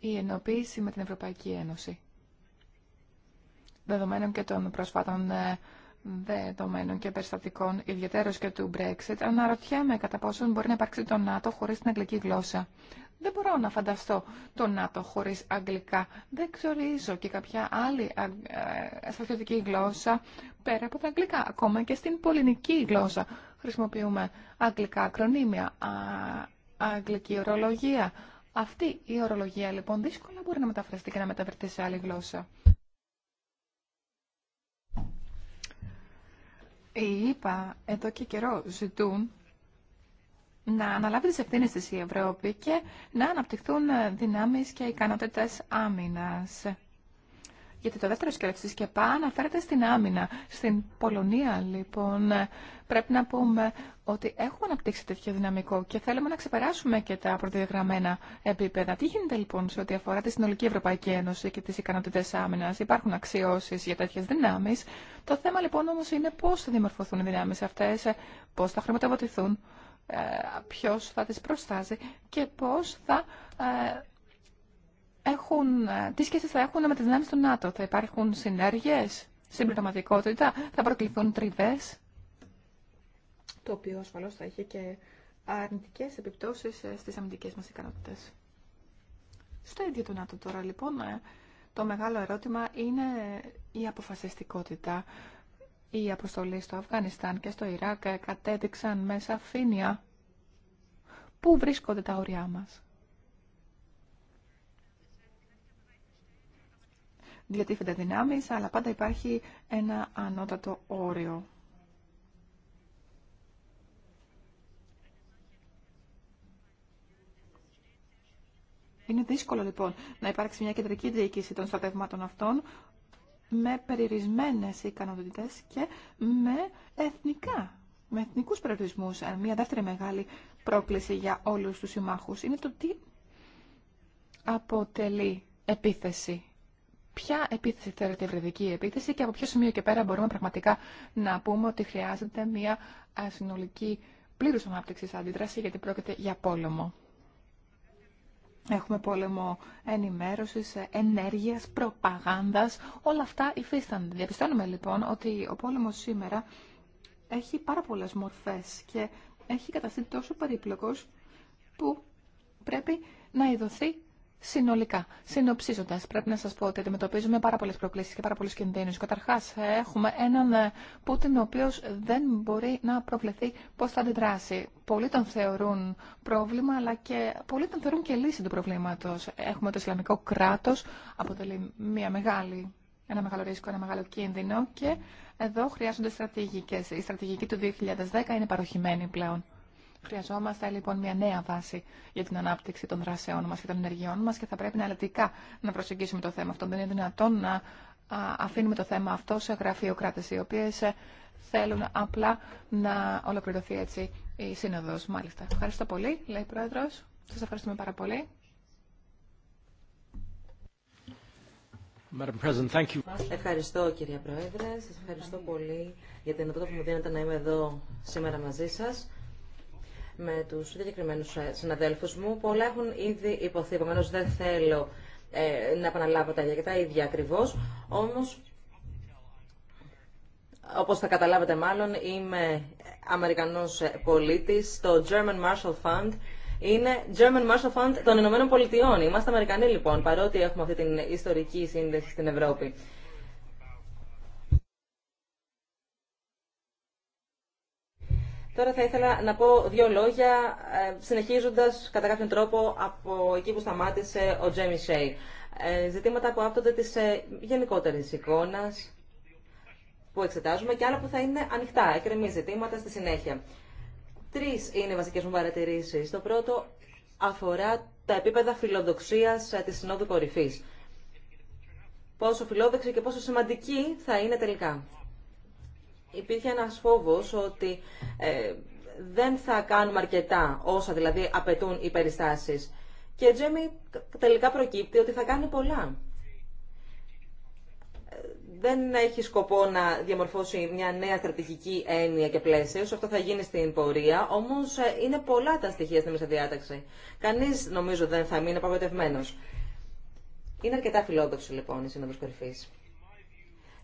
C: Η ενοποίηση με την Ευρωπαϊκή Ένωση. Δεδομένων και των προσφάτων ε, δεδομένων και περιστατικών, ιδιαίτερω και του Brexit, αναρωτιέμαι κατά πόσον μπορεί να υπάρξει το ΝΑΤΟ χωρί την αγγλική γλώσσα. Δεν μπορώ να φανταστώ το ΝΑΤΟ χωρίς αγγλικά. Δεν ξορίζω και κάποια άλλη ε, στρατιωτική γλώσσα πέρα από τα αγγλικά. Ακόμα και στην πολυνική γλώσσα χρησιμοποιούμε αγγλικά ακρονίμια, αγγλική ορολογία. Αυτή η ορολογία λοιπόν δύσκολα μπορεί να μεταφραστεί και να μεταφερθεί σε άλλη γλώσσα. Η ε, ΙΠΑ εδώ και καιρό ζητούν να αναλάβει τις ευθύνες της η Ευρώπη και να αναπτυχθούν ε, δυνάμεις και ικανότητες άμυνας. Γιατί το δεύτερο σκέλος της ΚΕΠΑ αναφέρεται στην άμυνα. Στην Πολωνία, λοιπόν, πρέπει να πούμε ότι έχουμε αναπτύξει τέτοιο δυναμικό και θέλουμε να ξεπεράσουμε και τα προδιαγραμμένα επίπεδα. Τι γίνεται, λοιπόν, σε ό,τι αφορά τη συνολική Ευρωπαϊκή Ένωση και τις ικανότητες άμυνα. Υπάρχουν αξιώσει για τέτοιες δυνάμεις. Το θέμα, λοιπόν, όμως, είναι πώς θα δημορφωθούν οι δυνάμεις αυτές, πώς θα χρηματοδοτηθούν, ε, ποιος θα τις προστάζει και πώς θα ε, έχουν, ε, τι σχέσεις θα έχουν με τις δυνάμεις του ΝΑΤΟ. Θα υπάρχουν συνέργειες, συμπληρωματικότητα, θα προκληθούν τριβές, το οποίο ασφαλώς θα έχει και αρνητικές επιπτώσεις στις αμυντικές μας ικανότητες. Στο ίδιο το ΝΑΤΟ τώρα λοιπόν, το μεγάλο ερώτημα είναι η αποφασιστικότητα. Οι αποστολή στο Αφγανιστάν και στο Ιράκ κατέδειξαν με σαφήνεια πού βρίσκονται τα όρια μας. διατίθεται δυνάμεις, αλλά πάντα υπάρχει ένα ανώτατο όριο. Είναι δύσκολο λοιπόν να υπάρξει μια κεντρική διοίκηση των στρατευμάτων αυτών με περιορισμένες ικανότητες και με εθνικά, με εθνικούς περιορισμούς. Μια δεύτερη μεγάλη πρόκληση για όλους τους συμμάχους είναι το τι αποτελεί επίθεση. Ποια επίθεση θέλετε ευρετική επίθεση και από ποιο σημείο και πέρα μπορούμε πραγματικά να πούμε ότι χρειάζεται μια συνολική πλήρους ανάπτυξης αντίδραση γιατί πρόκειται για πόλεμο. Έχουμε πόλεμο ενημέρωσης, ενέργειας, προπαγάνδας. Όλα αυτά υφίστανται. Διαπιστώνουμε λοιπόν ότι ο πόλεμος σήμερα έχει πάρα πολλές μορφές και έχει καταστεί τόσο περίπλοκος που πρέπει να ειδωθεί Συνολικά, συνοψίζοντα, πρέπει να σα πω ότι αντιμετωπίζουμε πάρα πολλέ προκλήσει και πάρα πολλού κινδύνου. Καταρχά, έχουμε έναν ε, Πούτιν ο οποίο δεν μπορεί να προβλεφθεί πώ θα αντιδράσει. Πολλοί τον θεωρούν πρόβλημα, αλλά και πολλοί τον θεωρούν και λύση του προβλήματο. Έχουμε το Ισλαμικό κράτο, αποτελεί μια μεγάλη, ένα μεγάλο ρίσκο, ένα μεγάλο κίνδυνο και εδώ χρειάζονται στρατηγικέ. Η στρατηγική του 2010 είναι παροχημένη πλέον. Χρειαζόμαστε λοιπόν μια νέα βάση για την ανάπτυξη των δράσεών μα και των ενεργειών μα και θα πρέπει αναλυτικά να προσεγγίσουμε το θέμα αυτό. Δεν είναι δυνατόν να αφήνουμε το θέμα αυτό σε γραφειοκράτε οι οποίε ε, θέλουν απλά να ολοκληρωθεί έτσι η σύνοδο Μάλιστα. Ευχαριστώ πολύ, λέει πρόεδρο. Σα Σας ευχαριστούμε πάρα πολύ.
A: Ευχαριστώ κυρία Πρόεδρε, σας ευχαριστώ πολύ για την ευκαιρία που μου δίνετε να είμαι εδώ σήμερα μαζί σας με τους συγκεκριμένους ε, συναδέλφους μου. Πολλά έχουν ήδη υποθεί, επομένω δεν θέλω ε, να επαναλάβω τα ίδια και τα ίδια Όμως, όπως θα καταλάβετε μάλλον, είμαι Αμερικανό ε, πολίτης. Το German Marshall Fund είναι German Marshall Fund των Ηνωμένων Πολιτειών. Είμαστε Αμερικανοί λοιπόν, παρότι έχουμε αυτή την ιστορική σύνδεση στην Ευρώπη. Τώρα θα ήθελα να πω δύο λόγια, ε, συνεχίζοντας κατά κάποιον τρόπο από εκεί που σταμάτησε ο Τζέμι Σέι. Ε, ζητήματα που άπτονται της ε, γενικότερης εικόνας που εξετάζουμε και άλλα που θα είναι ανοιχτά, εκκρεμή ζητήματα στη συνέχεια. Τρεις είναι οι βασικές μου παρατηρήσεις. Το πρώτο αφορά τα επίπεδα φιλοδοξίας της Συνόδου Κορυφής. Πόσο φιλόδοξη και πόσο σημαντική θα είναι τελικά υπήρχε ένας φόβος ότι ε, δεν θα κάνουμε αρκετά όσα δηλαδή απαιτούν οι περιστάσεις. Και Τζέμι τελικά προκύπτει ότι θα κάνει πολλά. Ε, δεν έχει σκοπό να διαμορφώσει μια νέα στρατηγική έννοια και πλαίσιο. Αυτό θα γίνει στην πορεία. Όμω ε, είναι πολλά τα στοιχεία στη μεσαδιάταξη. Κανεί νομίζω δεν θα μείνει απαγοητευμένο. Είναι αρκετά φιλόδοξη λοιπόν η Σύνοδο Κορυφή.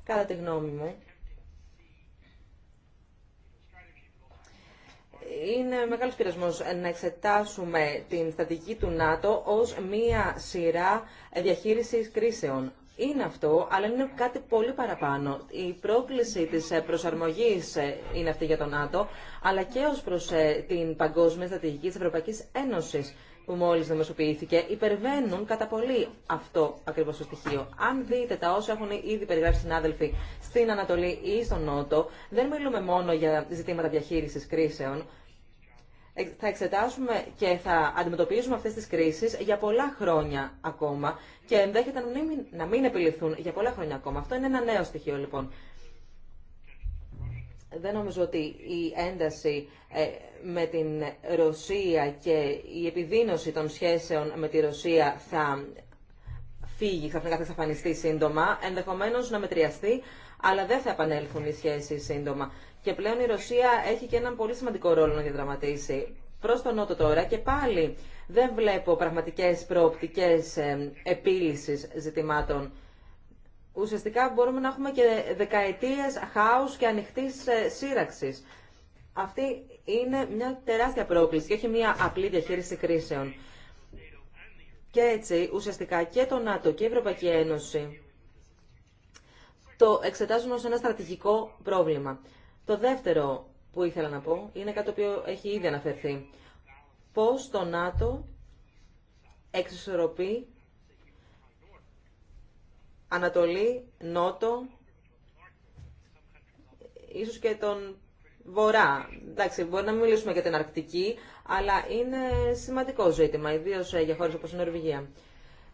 A: Κατά τη γνώμη μου, είναι μεγάλο πειρασμό να εξετάσουμε την στρατηγική του ΝΑΤΟ ω μία σειρά διαχείριση κρίσεων. Είναι αυτό, αλλά είναι κάτι πολύ παραπάνω. Η πρόκληση τη προσαρμογή είναι αυτή για τον ΝΑΤΟ, αλλά και ω προ ε, την παγκόσμια στρατηγική τη Ευρωπαϊκή Ένωση που μόλις δημοσιοποιήθηκε, υπερβαίνουν κατά πολύ αυτό ακριβώς το στοιχείο. Αν δείτε τα όσα έχουν ήδη περιγράψει συνάδελφοι στην Ανατολή ή στον Νότο, δεν μιλούμε μόνο για ζητήματα διαχείρισης κρίσεων, θα εξετάσουμε και θα αντιμετωπίζουμε αυτές τις κρίσεις για πολλά χρόνια ακόμα και ενδέχεται να μην, να μην επιληθούν για πολλά χρόνια ακόμα. Αυτό είναι ένα νέο στοιχείο λοιπόν. Δεν νομίζω ότι η ένταση ε, με την Ρωσία και η επιδείνωση των σχέσεων με τη Ρωσία θα φύγει, θα εξαφανιστεί σύντομα, ενδεχομένως να μετριαστεί αλλά δεν θα επανέλθουν οι σχέσει σύντομα. Και πλέον η Ρωσία έχει και έναν πολύ σημαντικό ρόλο να διαδραματίσει. Προ τον Νότο τώρα και πάλι δεν βλέπω πραγματικέ προοπτικέ ε, επίλυση ζητημάτων. Ουσιαστικά μπορούμε να έχουμε και δεκαετίες χάου και ανοιχτή ε, σύραξης. Αυτή είναι μια τεράστια πρόκληση και έχει μια απλή διαχείριση κρίσεων. Και έτσι, ουσιαστικά και το ΝΑΤΟ και η Ευρωπαϊκή Ένωση το εξετάζουν ως ένα στρατηγικό πρόβλημα. Το δεύτερο που ήθελα να πω είναι κάτι το οποίο έχει ήδη αναφερθεί. Πώς το ΝΑΤΟ εξισορροπεί Ανατολή, Νότο, ίσως και τον Βορρά. Εντάξει, μπορεί να μην μιλήσουμε για την Αρκτική, αλλά είναι σημαντικό ζήτημα, ιδίω ε, για χώρε όπως η Νορβηγία.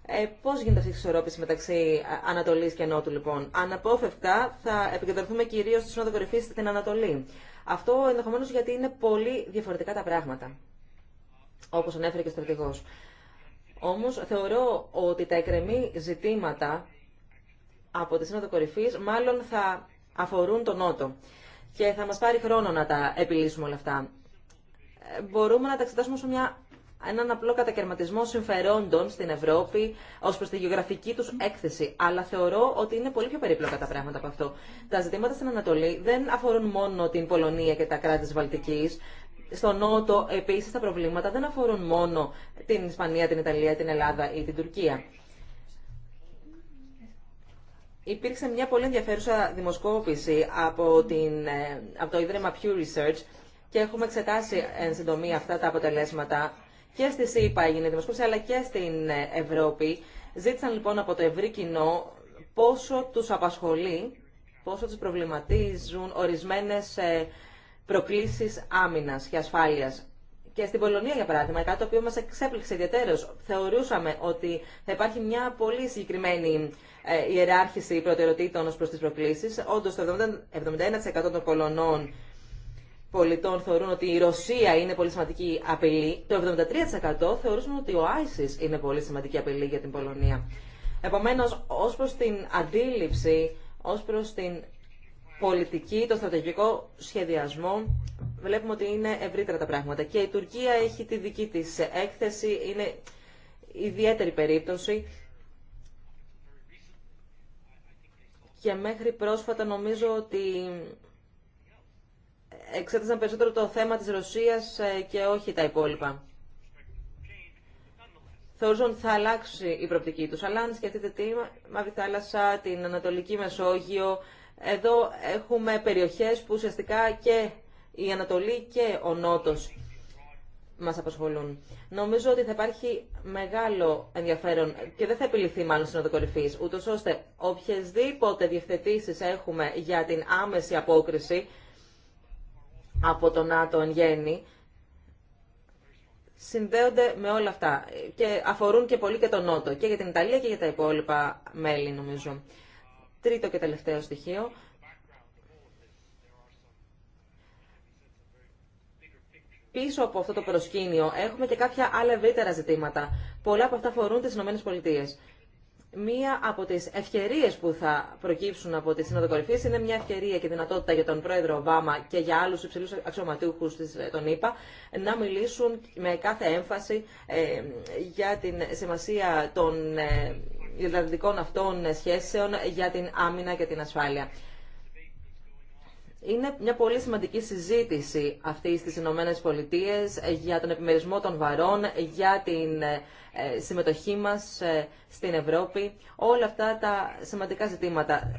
A: Ε, Πώ γίνεται αυτή η ισορρόπηση μεταξύ Ανατολή και Νότου, λοιπόν. Αναπόφευκτα θα επικεντρωθούμε κυρίω στη Σύνοδο Κορυφή στην Ανατολή. Αυτό ενδεχομένω γιατί είναι πολύ διαφορετικά τα πράγματα. Όπω ανέφερε και ο στρατηγό. Όμω θεωρώ ότι τα εκρεμή ζητήματα από τη Σύνοδο Κορυφή μάλλον θα αφορούν τον Νότο. Και θα μα πάρει χρόνο να τα επιλύσουμε όλα αυτά. Ε, μπορούμε να τα εξετάσουμε σε μια έναν απλό κατακαιρματισμό συμφερόντων στην Ευρώπη ω προ τη γεωγραφική του έκθεση. Αλλά θεωρώ ότι είναι πολύ πιο περίπλοκα τα πράγματα από αυτό. Τα ζητήματα στην Ανατολή δεν αφορούν μόνο την Πολωνία και τα κράτη τη Βαλτική. Στο Νότο, επίση, τα προβλήματα δεν αφορούν μόνο την Ισπανία, την Ιταλία, την Ελλάδα ή την Τουρκία. Υπήρξε μια πολύ ενδιαφέρουσα δημοσκόπηση από, την, ε, από το Ίδρυμα Pew Research και έχουμε εξετάσει εν συντομία αυτά τα αποτελέσματα και στη ΣΥΠΑ έγινε δημοσκόπηση, αλλά και στην Ευρώπη. Ζήτησαν λοιπόν από το ευρύ κοινό πόσο τους απασχολεί, πόσο τους προβληματίζουν ορισμένες ε, προκλήσεις άμυνας και ασφάλειας. Και στην Πολωνία, για παράδειγμα, κάτι το οποίο μας εξέπληξε ιδιαίτερως, θεωρούσαμε ότι θα υπάρχει μια πολύ συγκεκριμένη ε, ιεράρχηση προτεραιοτήτων ως προς τις προκλήσεις. Όντως, το 71% των Πολωνών πολιτών θεωρούν ότι η Ρωσία είναι πολύ σημαντική απειλή, το 73% θεωρούν ότι ο ISIS είναι πολύ σημαντική απειλή για την Πολωνία. Επομένως, ως προς την αντίληψη, ως προς την πολιτική, το στρατηγικό σχεδιασμό, βλέπουμε ότι είναι ευρύτερα τα πράγματα. Και η Τουρκία έχει τη δική της έκθεση, είναι ιδιαίτερη περίπτωση. Και μέχρι πρόσφατα νομίζω ότι εξέτασαν περισσότερο το θέμα της Ρωσίας ε, και όχι τα υπόλοιπα. Θεωρούσαν ότι θα αλλάξει η προοπτική τους, αλλά αν σκεφτείτε τη Μαύρη Θάλασσα, την Ανατολική Μεσόγειο, εδώ έχουμε περιοχές που ουσιαστικά και η Ανατολή και ο Νότος μας απασχολούν. Νομίζω ότι θα υπάρχει μεγάλο ενδιαφέρον και δεν θα επιληθεί μάλλον στην οδοκορυφή, ούτω ώστε οποιασδήποτε έχουμε για την άμεση απόκριση από το ΝΑΤΟ εν γέννη συνδέονται με όλα αυτά και αφορούν και πολύ και τον Νότο και για την Ιταλία και για τα υπόλοιπα μέλη νομίζω. Τρίτο και τελευταίο στοιχείο. Πίσω από αυτό το προσκήνιο έχουμε και κάποια άλλα ευρύτερα ζητήματα. Πολλά από αυτά αφορούν τις ΗΠΑ. Μία από τις ευκαιρίες που θα προκύψουν από τη Σύνοδο είναι μια ευκαιρία και δυνατότητα για τον πρόεδρο Ομπάμα και για άλλους υψηλούς αξιωματούχους τον ε, ΗΠΑ να μιλήσουν με κάθε έμφαση ε, για την σημασία των ε, ιδανικών αυτών σχέσεων για την άμυνα και την ασφάλεια. Είναι μια πολύ σημαντική συζήτηση αυτή στις Ηνωμένε Πολιτείε για τον επιμερισμό των βαρών, για την ε, συμμετοχή μας ε, στην Ευρώπη, όλα αυτά τα σημαντικά ζητήματα.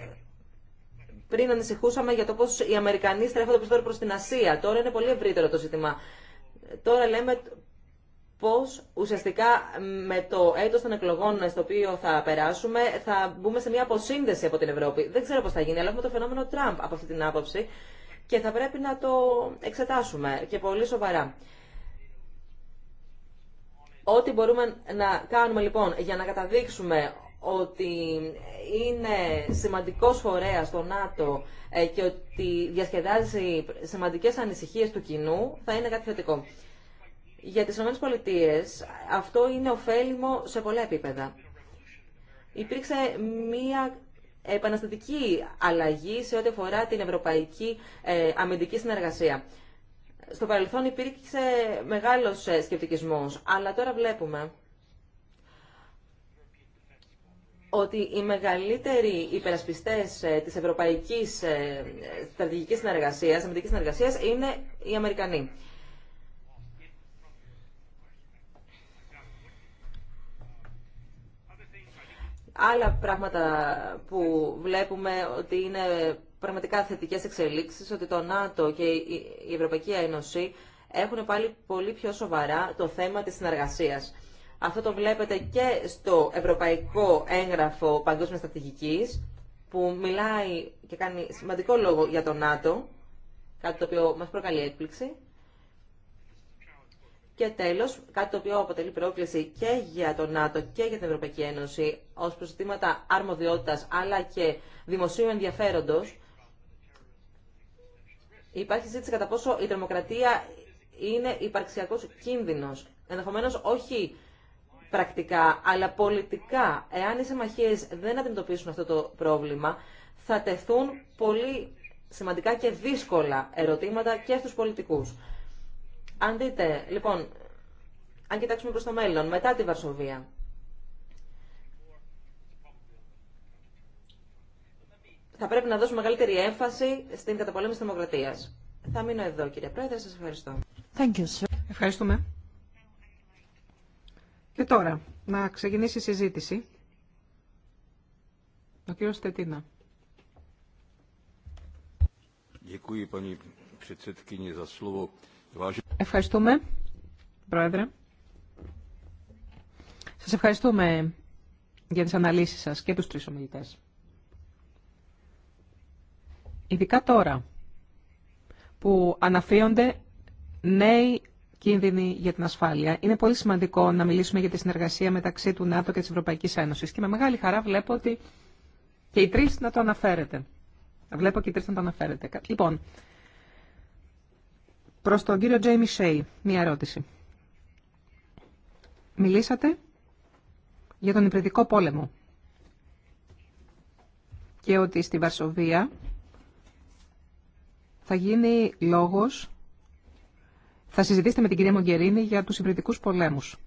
A: Πριν ανησυχούσαμε για το πώς οι Αμερικανοί στρέφονται προς την Ασία. Τώρα είναι πολύ ευρύτερο το ζήτημα. Τώρα λέμε Πώ ουσιαστικά με το έτος των εκλογών στο οποίο θα περάσουμε θα μπούμε σε μια αποσύνδεση από την Ευρώπη. Δεν ξέρω πώ θα γίνει, αλλά έχουμε το φαινόμενο Τραμπ από αυτή την άποψη και θα πρέπει να το εξετάσουμε και πολύ σοβαρά. Ό,τι μπορούμε να κάνουμε λοιπόν για να καταδείξουμε ότι είναι σημαντικός φορέας το ΝΑΤΟ ε, και ότι διασκεδάζει σημαντικές ανησυχίες του κοινού θα είναι κάτι θετικό. Για τις ΗΠΑ αυτό είναι ωφέλιμο σε πολλά επίπεδα. Υπήρξε μία επαναστατική αλλαγή σε ό,τι αφορά την ευρωπαϊκή ε, αμυντική συνεργασία. Στο παρελθόν υπήρξε μεγάλος ε, σκεπτικισμός, αλλά τώρα βλέπουμε ότι οι μεγαλύτεροι υπερασπιστές ε, της ευρωπαϊκής στρατηγικής συνεργασίας, αμυντικής συνεργασίας, είναι οι Αμερικανοί. άλλα πράγματα που βλέπουμε ότι είναι πραγματικά θετικές εξελίξεις, ότι το ΝΑΤΟ και η Ευρωπαϊκή Ένωση έχουν πάλι πολύ πιο σοβαρά το θέμα της συνεργασίας. Αυτό το βλέπετε και στο Ευρωπαϊκό Έγγραφο Παγκόσμια Στρατηγική που μιλάει και κάνει σημαντικό λόγο για το ΝΑΤΟ, κάτι το οποίο μας προκαλεί έκπληξη. Και τέλο, κάτι το οποίο αποτελεί πρόκληση και για το ΝΑΤΟ και για την Ευρωπαϊκή Ένωση ω προ ζητήματα αρμοδιότητα αλλά και δημοσίου ενδιαφέροντο, υπάρχει συζήτηση κατά πόσο η τρομοκρατία είναι υπαρξιακό κίνδυνο. Ενδεχομένω όχι πρακτικά, αλλά πολιτικά. Εάν οι συμμαχίε δεν αντιμετωπίσουν αυτό το πρόβλημα, θα τεθούν πολύ σημαντικά και δύσκολα ερωτήματα και στους πολιτικούς. Αν δείτε, λοιπόν, αν κοιτάξουμε προς το μέλλον, μετά τη Βαρσοβία, θα πρέπει να δώσουμε μεγαλύτερη έμφαση στην καταπολέμηση της δημοκρατίας. Θα μείνω εδώ, κύριε Πρόεδρε. Σας ευχαριστώ.
B: Thank you, sir. Ευχαριστούμε. Και τώρα, να ξεκινήσει η συζήτηση. Ο κύριος Στετίνα. κύριε Πρόεδρε, Ευχαριστούμε, Πρόεδρε. Σας ευχαριστούμε για τις αναλύσεις σας και τους τρεις ομιλητές. Ειδικά τώρα που αναφύονται νέοι κίνδυνοι για την ασφάλεια. Είναι πολύ σημαντικό να μιλήσουμε για τη συνεργασία μεταξύ του ΝΑΤΟ και της Ευρωπαϊκής Ένωσης. Και με μεγάλη χαρά βλέπω ότι και οι τρεις να το αναφέρετε. Βλέπω και οι τρεις να το αναφέρετε. Λοιπόν, Προς τον κύριο Τζέιμι Σέι, μία ερώτηση. Μιλήσατε για τον υπηρετικό πόλεμο και ότι στη Βαρσοβία θα γίνει λόγος, θα συζητήσετε με την κυρία Μογκερίνη για τους υπηρετικούς πολέμους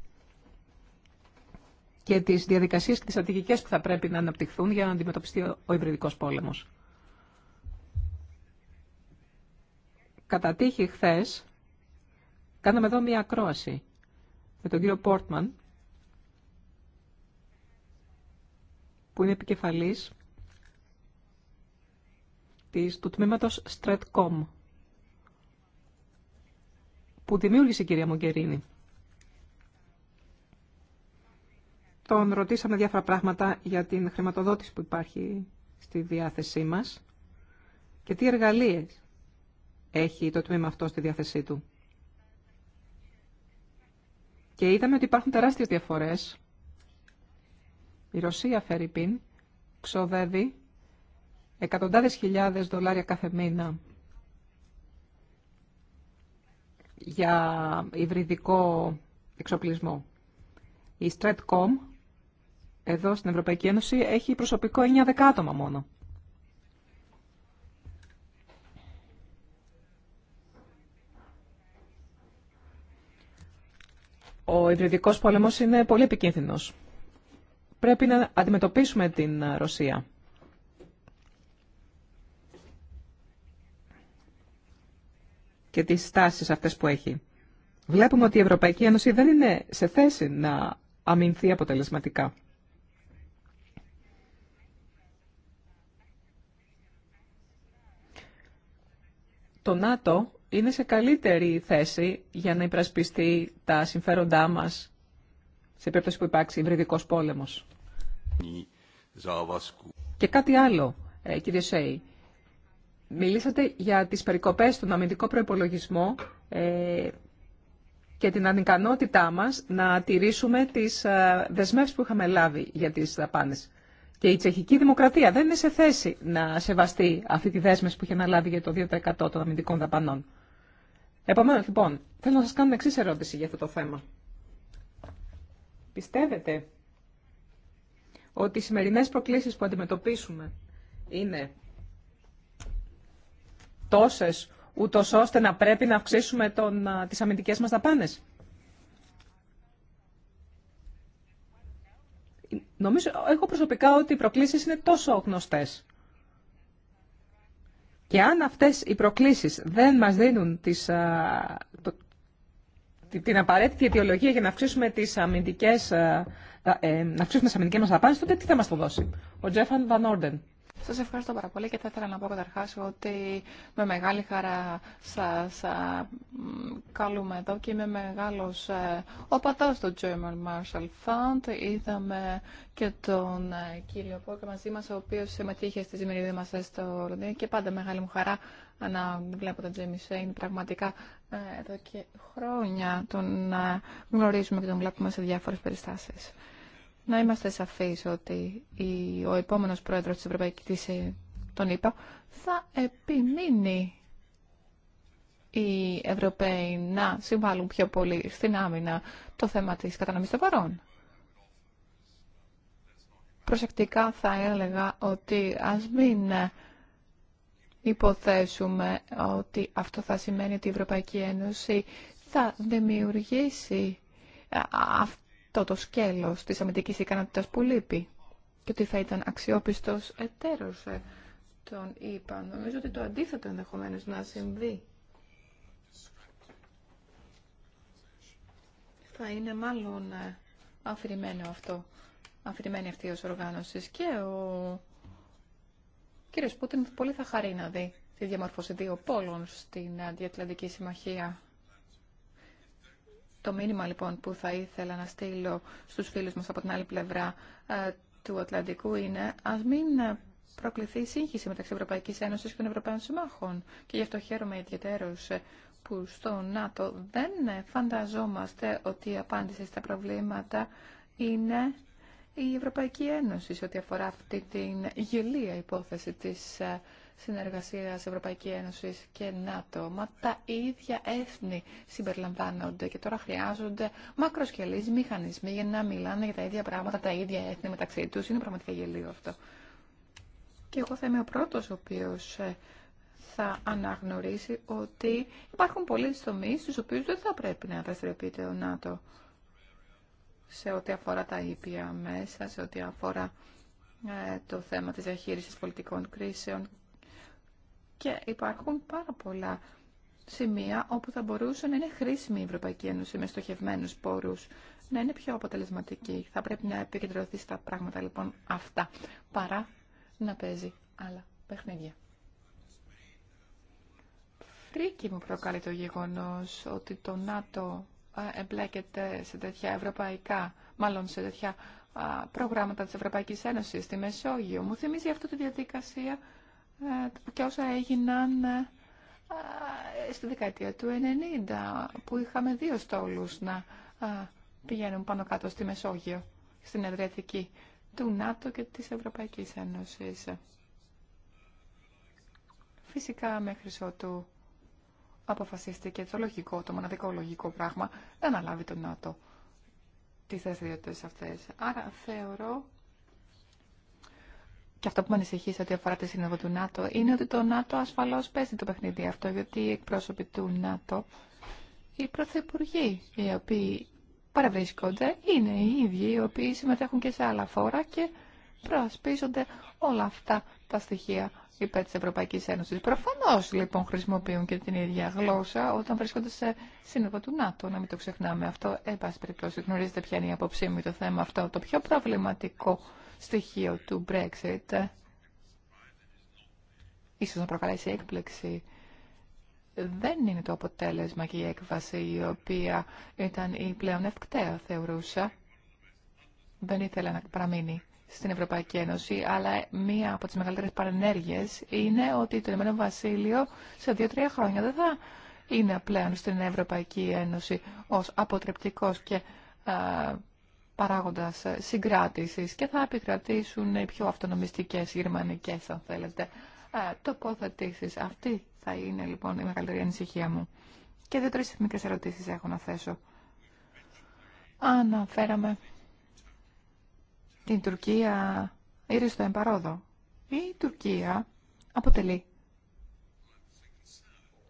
B: και τις διαδικασίες και τις στρατηγικές που θα πρέπει να αναπτυχθούν για να αντιμετωπιστεί ο υπηρετικός πόλεμος. κατά τύχη χθε κάναμε εδώ μία ακρόαση με τον κύριο Πόρτμαν, που είναι επικεφαλής της, του τμήματος Stratcom, που δημιούργησε η κυρία Μογκερίνη. Τον ρωτήσαμε διάφορα πράγματα για την χρηματοδότηση που υπάρχει στη διάθεσή μας και τι εργαλείες έχει το τμήμα αυτό στη διάθεσή του. Και είδαμε ότι υπάρχουν τεράστιες διαφορές. Η Ρωσία, Φερρυπίν, ξοδεύει εκατοντάδες χιλιάδες δολάρια κάθε μήνα για υβριδικό εξοπλισμό. Η Stratcom εδώ στην Ευρωπαϊκή Ένωση έχει προσωπικό 9 δεκάτομα μόνο. Ο υβριδικός πόλεμος είναι πολύ επικίνδυνος. Πρέπει να αντιμετωπίσουμε την ε, Ρωσία. Και τις στάσεις αυτές που έχει. Βλέπουμε ότι η Ευρωπαϊκή Ένωση δεν είναι σε θέση να αμυνθεί αποτελεσματικά. Το ΝΑΤΟ είναι σε καλύτερη θέση για να υπρασπιστεί τα συμφέροντά μα σε περίπτωση που υπάρξει υβριδικό πόλεμο. Και κάτι άλλο, ε, κύριε Σέι. Μιλήσατε για τις περικοπές στον αμυντικό προϋπολογισμό ε, και την ανικανότητά μας να τηρήσουμε τις ε, δεσμεύσεις που είχαμε λάβει για τις δαπάνες. Και η τσεχική δημοκρατία δεν είναι σε θέση να σεβαστεί αυτή τη δέσμευση που είχε αναλάβει για το 2% των αμυντικών δαπανών. Επομένω, λοιπόν, θέλω να σα κάνω εξή ερώτηση για αυτό το θέμα. Πιστεύετε ότι οι σημερινέ προκλήσει που αντιμετωπίσουμε είναι τόσε, ούτω ώστε να πρέπει να αυξήσουμε τον, τις αμυντικές μας δαπάνες. Νομίζω, εγώ προσωπικά, ότι οι προκλήσεις είναι τόσο γνωστές. Και αν αυτές οι προκλήσεις δεν μας δίνουν τις, την απαραίτητη αιτιολογία για να αυξήσουμε τις αμυντικές, ε, να αυξήσουμε τις αμυντικές μας τότε τι θα μας το δώσει. Ο Τζέφαν Βανόρντεν.
C: Σας ευχαριστώ πάρα πολύ και θα ήθελα να πω καταρχά ότι με μεγάλη χαρά σας καλούμε εδώ και είμαι μεγάλος οπαδός του German Marshall Fund. Είδαμε και τον κύριο Πόρκα μαζί μας, ο οποίος συμμετείχε στη σημερινή μας στο Λονδίνο και πάντα μεγάλη μου χαρά να βλέπω τον Τζέμι Σέιν πραγματικά ε, εδώ και χρόνια τον γνωρίζουμε και τον βλέπουμε σε διάφορες περιστάσεις να είμαστε σαφείς ότι η, ο επόμενος πρόεδρος της Ευρωπαϊκής ε, τον είπα, θα επιμείνει οι Ευρωπαίοι να συμβάλλουν πιο πολύ στην άμυνα το θέμα της κατανομής των παρών. Προσεκτικά θα έλεγα ότι ας μην υποθέσουμε ότι αυτό θα σημαίνει ότι η Ευρωπαϊκή Ένωση θα δημιουργήσει αυτό το σκέλος της αμυντικής ικανότητας που λείπει και ότι θα ήταν αξιόπιστος εταίρος ε, τον είπα. Νομίζω ότι το αντίθετο ενδεχομένω να συμβεί. Θα είναι μάλλον ε, αφηρημένο αυτό, αφηρημένη αυτή ως οργάνωση και ο κύριος Πούτιν πολύ θα χαρεί να δει τη διαμορφώση δύο πόλων στην Αντιατλαντική Συμμαχία. Το μήνυμα λοιπόν που θα ήθελα να στείλω στους φίλους μας από την άλλη πλευρά ε, του Ατλαντικού είναι ας μην προκληθεί σύγχυση μεταξύ Ευρωπαϊκής Ένωσης και των Ευρωπαίων Συμμάχων. Και γι' αυτό χαίρομαι ιδιαίτερως ε, που στο ΝΑΤΟ δεν φανταζόμαστε ότι η απάντηση στα προβλήματα είναι η Ευρωπαϊκή Ένωση σε ό,τι αφορά αυτή την γελία υπόθεση της ε, Συνεργασία Ευρωπαϊκή Ένωση και ΝΑΤΟ. Μα τα ίδια έθνη συμπεριλαμβάνονται και τώρα χρειάζονται μακροσκελείς μηχανισμοί για να μιλάνε για τα ίδια πράγματα, τα ίδια έθνη μεταξύ του, Είναι πραγματικά γελίο αυτό. Και εγώ θα είμαι ο πρώτο, ο οποίο ε, θα αναγνωρίσει ότι υπάρχουν πολλοί τομεί στους οποίου δεν θα πρέπει να δραστηριοποιείται ο ΝΑΤΟ σε ό,τι αφορά τα ήπια μέσα, σε ό,τι αφορά ε, το θέμα της διαχείρισης πολιτικών κρίσεων και υπάρχουν πάρα πολλά σημεία όπου θα μπορούσε να είναι χρήσιμη η Ευρωπαϊκή Ένωση με στοχευμένου πόρου, να είναι πιο αποτελεσματική. Θα πρέπει να επικεντρωθεί στα πράγματα λοιπόν αυτά, παρά να παίζει άλλα παιχνίδια. Φρίκη μου προκαλεί το γεγονός ότι το ΝΑΤΟ ε, εμπλέκεται σε τέτοια ευρωπαϊκά, μάλλον σε τέτοια προγράμματα της Ευρωπαϊκής Ένωσης στη Μεσόγειο. Μου θυμίζει αυτό τη διαδικασία ε, και όσα έγιναν ε, στη δεκαετία του 90 που είχαμε δύο στόλους να ε, πηγαίνουν πάνω κάτω στη Μεσόγειο, στην Ευρετική του ΝΑΤΟ και της Ευρωπαϊκής Ένωσης. Φυσικά μέχρι ότου αποφασίστηκε το λογικό, το μοναδικό λογικό πράγμα να αναλάβει το ΝΑΤΟ τις δραστηριότητες αυτές. Άρα θεωρώ και αυτό που με ανησυχεί σε ό,τι αφορά τη σύνοδο του ΝΑΤΟ είναι ότι το ΝΑΤΟ ασφαλώς παίζει το παιχνίδι αυτό, γιατί οι εκπρόσωποι του ΝΑΤΟ, οι πρωθυπουργοί οι οποίοι παραβρίσκονται, είναι οι ίδιοι οι οποίοι συμμετέχουν και σε άλλα φόρα και προασπίζονται όλα αυτά τα στοιχεία υπέρ τη Ευρωπαϊκή Ένωση. Προφανώ λοιπόν χρησιμοποιούν και την ίδια γλώσσα όταν βρίσκονται σε σύνοδο του ΝΑΤΟ, να μην το ξεχνάμε αυτό. Εν πάση περιπτώσει, γνωρίζετε ποια είναι η απόψή μου το θέμα αυτό. Το πιο προβληματικό στοιχείο του Brexit ίσως να προκαλέσει έκπληξη δεν είναι το αποτέλεσμα και η έκβαση η οποία ήταν η πλέον ευκταία θεωρούσα. Δεν ήθελα να παραμείνει στην Ευρωπαϊκή Ένωση, αλλά μία από τις μεγαλύτερες παρενέργειες είναι ότι το Ηνωμένο Βασίλειο σε δύο-τρία χρόνια δεν θα είναι πλέον στην Ευρωπαϊκή Ένωση ως αποτρεπτικός και παράγοντας ε, συγκράτησης και θα επικρατήσουν οι πιο αυτονομιστικές γερμανικές, αν θέλετε, ε, τοποθετήσεις. Αυτή θα είναι λοιπόν η μεγαλύτερη ανησυχία μου. Και δύο-τρεις μικρές ερωτήσεις έχω να θέσω. Αναφέραμε την Τουρκία ήρθε στο εμπαρόδο. Η Τουρκία αποτελεί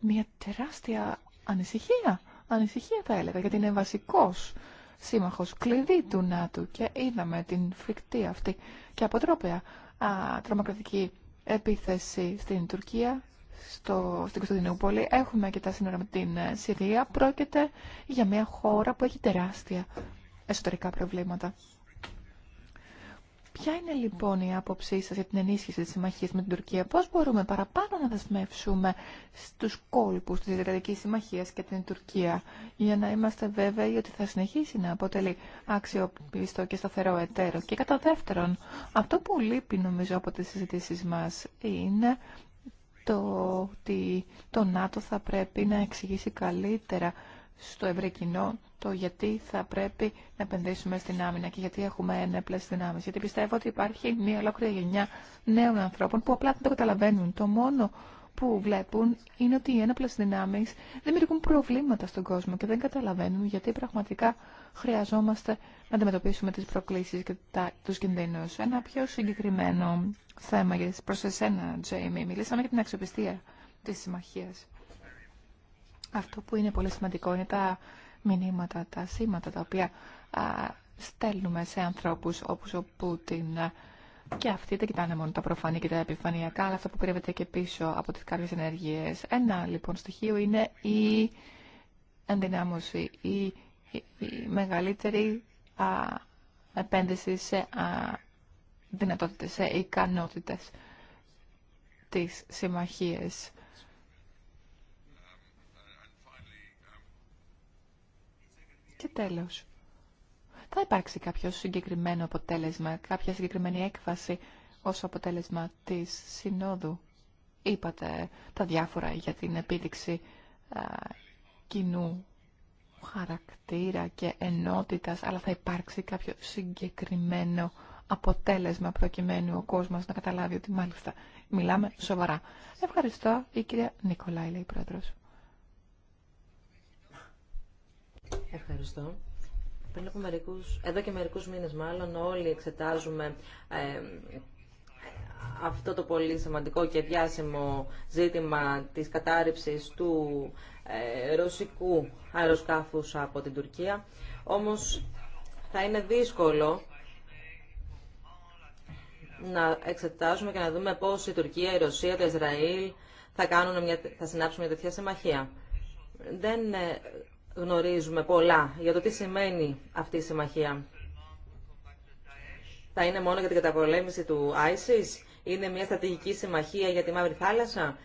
C: μια τεράστια ανησυχία. Ανησυχία θα έλεγα, γιατί είναι βασικός σύμμαχος κλειδί του ΝΑΤΟ και είδαμε την φρικτή αυτή και αποτρόπαια α, τρομοκρατική επίθεση στην Τουρκία, στο, στην Κωνσταντινούπολη. Έχουμε και τα σύνορα με την ε, Συρία. Πρόκειται για μια χώρα που έχει τεράστια εσωτερικά προβλήματα. Ποια είναι λοιπόν η άποψή σας για την ενίσχυση της συμμαχίας με την Τουρκία. Πώς μπορούμε παραπάνω να δεσμεύσουμε στους κόλπους της Ιδρυτικής Συμμαχίας και την Τουρκία για να είμαστε βέβαιοι ότι θα συνεχίσει να αποτελεί αξιοπιστό και σταθερό εταίρο. Και κατά δεύτερον, αυτό που λείπει νομίζω από τις συζητήσεις μας είναι το ότι το ΝΑΤΟ θα πρέπει να εξηγήσει καλύτερα στο ευρύ κοινό το γιατί θα πρέπει να επενδύσουμε στην άμυνα και γιατί έχουμε ενέπλε δυνάμει. Γιατί πιστεύω ότι υπάρχει μια ολόκληρη γενιά νέων ανθρώπων που απλά δεν το καταλαβαίνουν. Το μόνο που βλέπουν είναι ότι οι ένοπλε δυνάμει δημιουργούν προβλήματα στον κόσμο και δεν καταλαβαίνουν γιατί πραγματικά χρειαζόμαστε να αντιμετωπίσουμε τι προκλήσει και του κινδύνου. Ένα πιο συγκεκριμένο θέμα προ εσένα, Τζέιμι. Μιλήσαμε για την αξιοπιστία τη συμμαχία. Αυτό που είναι πολύ σημαντικό είναι τα μηνύματα, τα σήματα τα οποία στέλνουμε σε ανθρώπους όπως ο Πούτιν. Και αυτοί δεν κοιτάνε μόνο τα προφανή και τα επιφανειακά, αλλά αυτό που κρύβεται και πίσω από τις κάποιες ενέργειες. Ένα λοιπόν στοιχείο είναι η ενδυνάμωση, η, μεγαλύτερη α, επένδυση σε α, δυνατότητες, σε ικανότητες της συμμαχίας. Και τέλος, θα υπάρξει κάποιο συγκεκριμένο αποτέλεσμα, κάποια συγκεκριμένη έκφαση ως αποτέλεσμα της Συνόδου. Είπατε τα διάφορα για την επίδειξη α, κοινού χαρακτήρα και ενότητας, αλλά θα υπάρξει κάποιο συγκεκριμένο αποτέλεσμα προκειμένου ο κόσμος να καταλάβει ότι μάλιστα μιλάμε σοβαρά. Ευχαριστώ η κυρία Νικολάη, λέει η πρόεδρος.
A: Ευχαριστώ. μερικούς, εδώ και μερικούς μήνε, μάλλον όλοι εξετάζουμε αυτό το πολύ σημαντικό και διάσημο ζήτημα της κατάρριψης του ε, ρωσικού αεροσκάφους από την Τουρκία. Όμως θα είναι δύσκολο να εξετάζουμε και να δούμε πώς η Τουρκία, η Ρωσία, το Ισραήλ θα, κάνουν μια, θα συνάψουν μια τέτοια συμμαχία. Δεν ε, γνωρίζουμε πολλά για το τι σημαίνει αυτή η συμμαχία. Θα είναι μόνο για την καταπολέμηση του ISIS, είναι μια στρατηγική συμμαχία για τη Μαύρη Θάλασσα,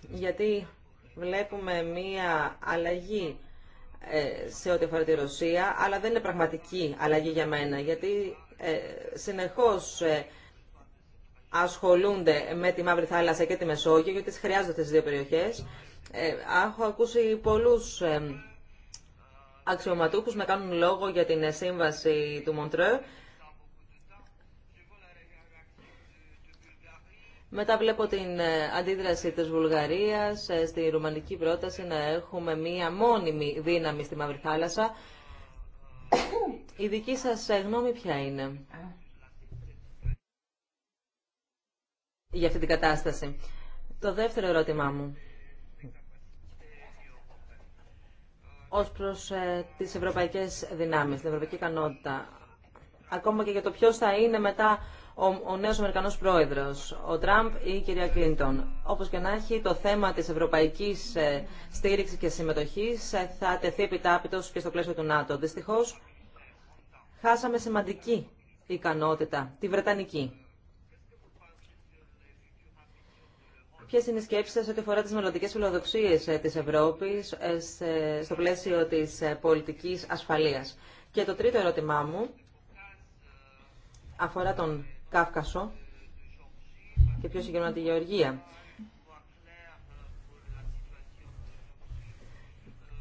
A: γιατί βλέπουμε μια αλλαγή ε, σε ό,τι αφορά τη Ρωσία, αλλά δεν είναι πραγματική αλλαγή για μένα, γιατί ε, συνεχώς ε, ασχολούνται με τη Μαύρη Θάλασσα και τη Μεσόγειο, γιατί χρειάζονται τις δύο περιοχές. Ε, έχω ακούσει πολλούς ε, αξιωματούχους να κάνουν λόγο για την ε, σύμβαση του Μοντρέ. Μετά βλέπω την αντίδραση της Βουλγαρίας στη ρουμανική πρόταση να έχουμε μία μόνιμη δύναμη στη Μαύρη Θάλασσα. Η δική σας γνώμη ποια είναι για αυτή την κατάσταση. Το δεύτερο ερώτημά μου. ως προς ε, τις ευρωπαϊκές δυνάμεις, την ευρωπαϊκή ικανότητα. Ακόμα και για το ποιος θα είναι μετά ο, ο νέος Αμερικανός πρόεδρος, ο Τραμπ ή η κυρία Κλίντον. Όπως και να έχει, το θέμα της ευρωπαϊκής ε, στήριξης και συμμετοχής ε, θα τεθεί επιτάπητος και στο πλαίσιο του ΝΑΤΟ. Δυστυχώς, χάσαμε σημαντική ικανότητα, τη Βρετανική. ποιες είναι οι σκέψεις σας ό,τι αφορά τις μελλοντικέ φιλοδοξίες ε, της Ευρώπης ε, στο πλαίσιο της ε, πολιτικής ασφαλείας. Και το τρίτο ερώτημά μου αφορά τον Κάφκασο και πιο συγκεκριμένα τη Γεωργία.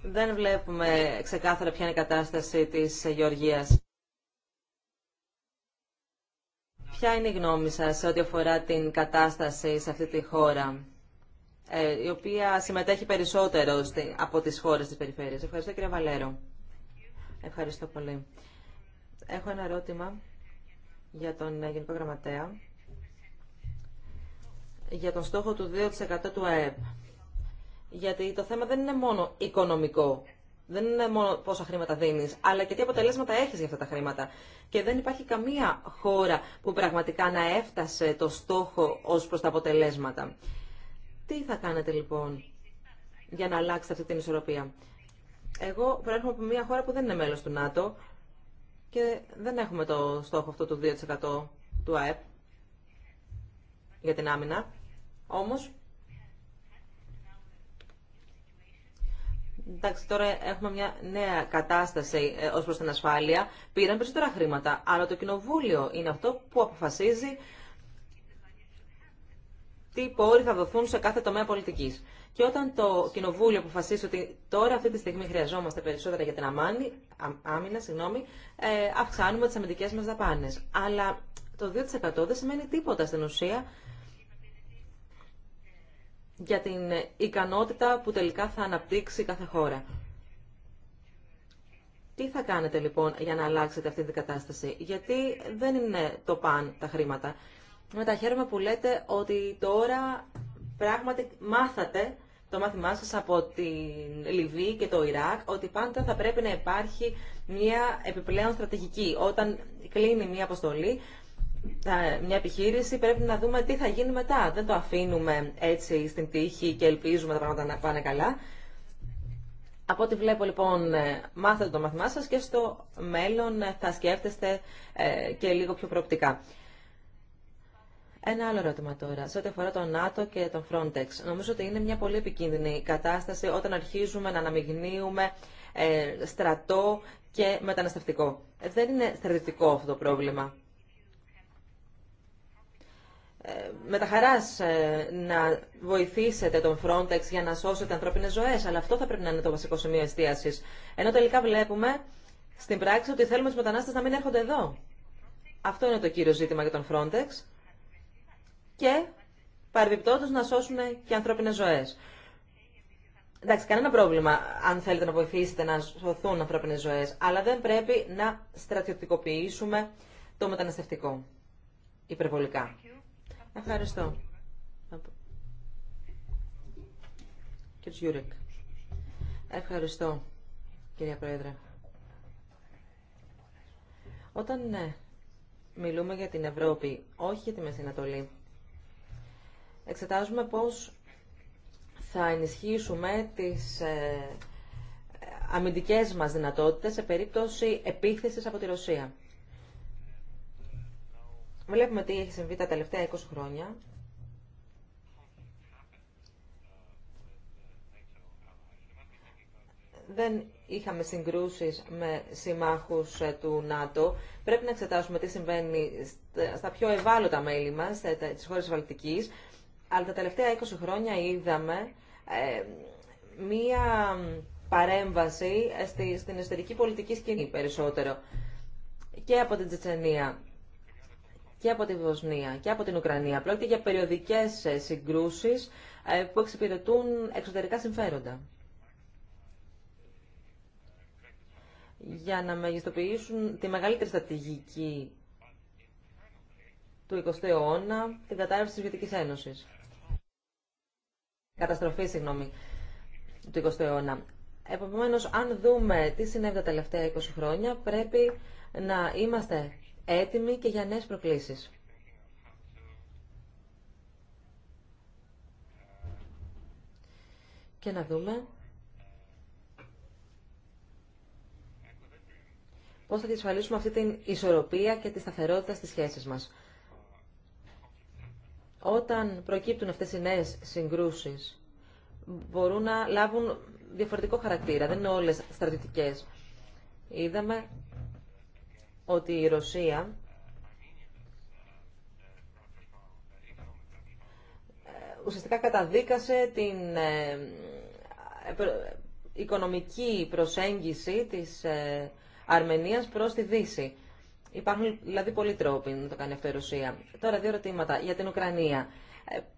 A: Δεν βλέπουμε ξεκάθαρα ποια είναι η κατάσταση της Γεωργίας. Ποια είναι η γνώμη σας σε ό,τι αφορά την κατάσταση σε αυτή τη χώρα, ε, η οποία συμμετέχει περισσότερο από τις χώρες της περιφέρειας. Ευχαριστώ κύριε Βαλέρο. Ευχαριστώ πολύ. Έχω ένα ερώτημα για τον ε, Γενικό Γραμματέα για τον στόχο του 2% του ΑΕΠ. Γιατί το θέμα δεν είναι μόνο οικονομικό. Δεν είναι μόνο πόσα χρήματα δίνει, αλλά και τι αποτελέσματα έχει για αυτά τα χρήματα. Και δεν υπάρχει καμία χώρα που πραγματικά να έφτασε το στόχο ω προ τα αποτελέσματα. Τι θα κάνετε λοιπόν για να αλλάξετε αυτή την ισορροπία. Εγώ προέρχομαι από μια χώρα που δεν είναι μέλο του ΝΑΤΟ και δεν έχουμε το στόχο αυτό του 2% του ΑΕΠ για την άμυνα. Όμως, Εντάξει, τώρα έχουμε μια νέα κατάσταση ε, ως προς την ασφάλεια. Πήραν περισσότερα χρήματα, αλλά το Κοινοβούλιο είναι αυτό που αποφασίζει τι πόροι θα δοθούν σε κάθε τομέα πολιτικής. Και όταν το Κοινοβούλιο αποφασίσει ότι τώρα αυτή τη στιγμή χρειαζόμαστε περισσότερα για την αμάνη, άμυνα, συγγνώμη, ε, αυξάνουμε τις αμυντικές μας δαπάνες. Αλλά το 2% δεν σημαίνει τίποτα στην ουσία για την ικανότητα που τελικά θα αναπτύξει κάθε χώρα. Τι θα κάνετε λοιπόν για να αλλάξετε αυτή την κατάσταση, γιατί δεν είναι το παν τα χρήματα. Με τα χαίρομαι που λέτε ότι τώρα πράγματι μάθατε το μάθημά σας από την Λιβύη και το Ιράκ, ότι πάντα θα πρέπει να υπάρχει μια επιπλέον στρατηγική. Όταν κλείνει μια αποστολή, μια επιχείρηση πρέπει να δούμε τι θα γίνει μετά. Δεν το αφήνουμε έτσι στην τύχη και ελπίζουμε τα πράγματα να πάνε καλά. Από ό,τι βλέπω λοιπόν ε, μάθετε το μαθημά σας και στο μέλλον ε, θα σκέφτεστε ε, και λίγο πιο προοπτικά. Ένα άλλο ερώτημα τώρα, σε ό,τι αφορά τον ΝΑΤΟ και τον Frontex. Νομίζω ότι είναι μια πολύ επικίνδυνη κατάσταση όταν αρχίζουμε να αναμειγνύουμε στρατό και μεταναστευτικό. Δεν είναι στρατητικό αυτό το πρόβλημα. Ε, με τα χαράς ε, να βοηθήσετε τον Frontex για να σώσετε ανθρώπινες ζωές, αλλά αυτό θα πρέπει να είναι το βασικό σημείο εστίασης. Ενώ τελικά βλέπουμε στην πράξη ότι θέλουμε τους μετανάστες να μην έρχονται εδώ. Αυτό είναι το κύριο ζήτημα για τον Frontex και παρεμπιπτόντως να σώσουμε και ανθρώπινες ζωές. Εντάξει, κανένα πρόβλημα αν θέλετε να βοηθήσετε να σωθούν ανθρώπινες ζωές, αλλά δεν πρέπει να στρατιωτικοποιήσουμε το μεταναστευτικό υπερβολικά. Ευχαριστώ. Κύριε Τζιούρεκ. Ευχαριστώ, κυρία Πρόεδρε. Όταν ε, μιλούμε για την Ευρώπη, όχι για τη Μεσυνατολή, εξετάζουμε πώς θα ενισχύσουμε τις ε, αμυντικές μας δυνατότητες σε περίπτωση επίθεσης από τη Ρωσία. Βλέπουμε τι έχει συμβεί τα τελευταία 20 χρόνια. Δεν είχαμε συγκρούσεις με συμμάχους ε, του ΝΑΤΟ. Πρέπει να εξετάσουμε τι συμβαίνει στα πιο ευάλωτα μέλη μας, ε, τις χώρες της Αλλά τα τελευταία 20 χρόνια είδαμε ε, μία παρέμβαση στη, στην εσωτερική πολιτική σκηνή περισσότερο και από την Τσετσενία και από τη Βοσνία και από την Ουκρανία. Πρόκειται για περιοδικές ε, συγκρούσεις ε, που εξυπηρετούν εξωτερικά συμφέροντα. για να μεγιστοποιήσουν τη μεγαλύτερη στρατηγική του 20ου αιώνα, την κατάρρευση της Βιωτικής Ένωσης. Καταστροφή, συγγνώμη, του 20ου αιώνα. Επομένως, αν δούμε τι συνέβη τα τελευταία 20 χρόνια, πρέπει να είμαστε έτοιμοι και για νέες προκλήσεις. Και να δούμε πώς θα διασφαλίσουμε αυτή την ισορροπία και τη σταθερότητα στις σχέσεις μας. Όταν προκύπτουν αυτές οι νέες συγκρούσεις, μπορούν να λάβουν διαφορετικό χαρακτήρα, δεν είναι όλες στρατητικές. Είδαμε ότι η Ρωσία ε, ουσιαστικά καταδίκασε την ε, ε, οικονομική προσέγγιση της Αρμενίας προς τη Δύση. Υπάρχουν δηλαδή πολλοί τρόποι να το κάνει αυτό η Ρωσία. Τώρα δύο ερωτήματα για την Ουκρανία.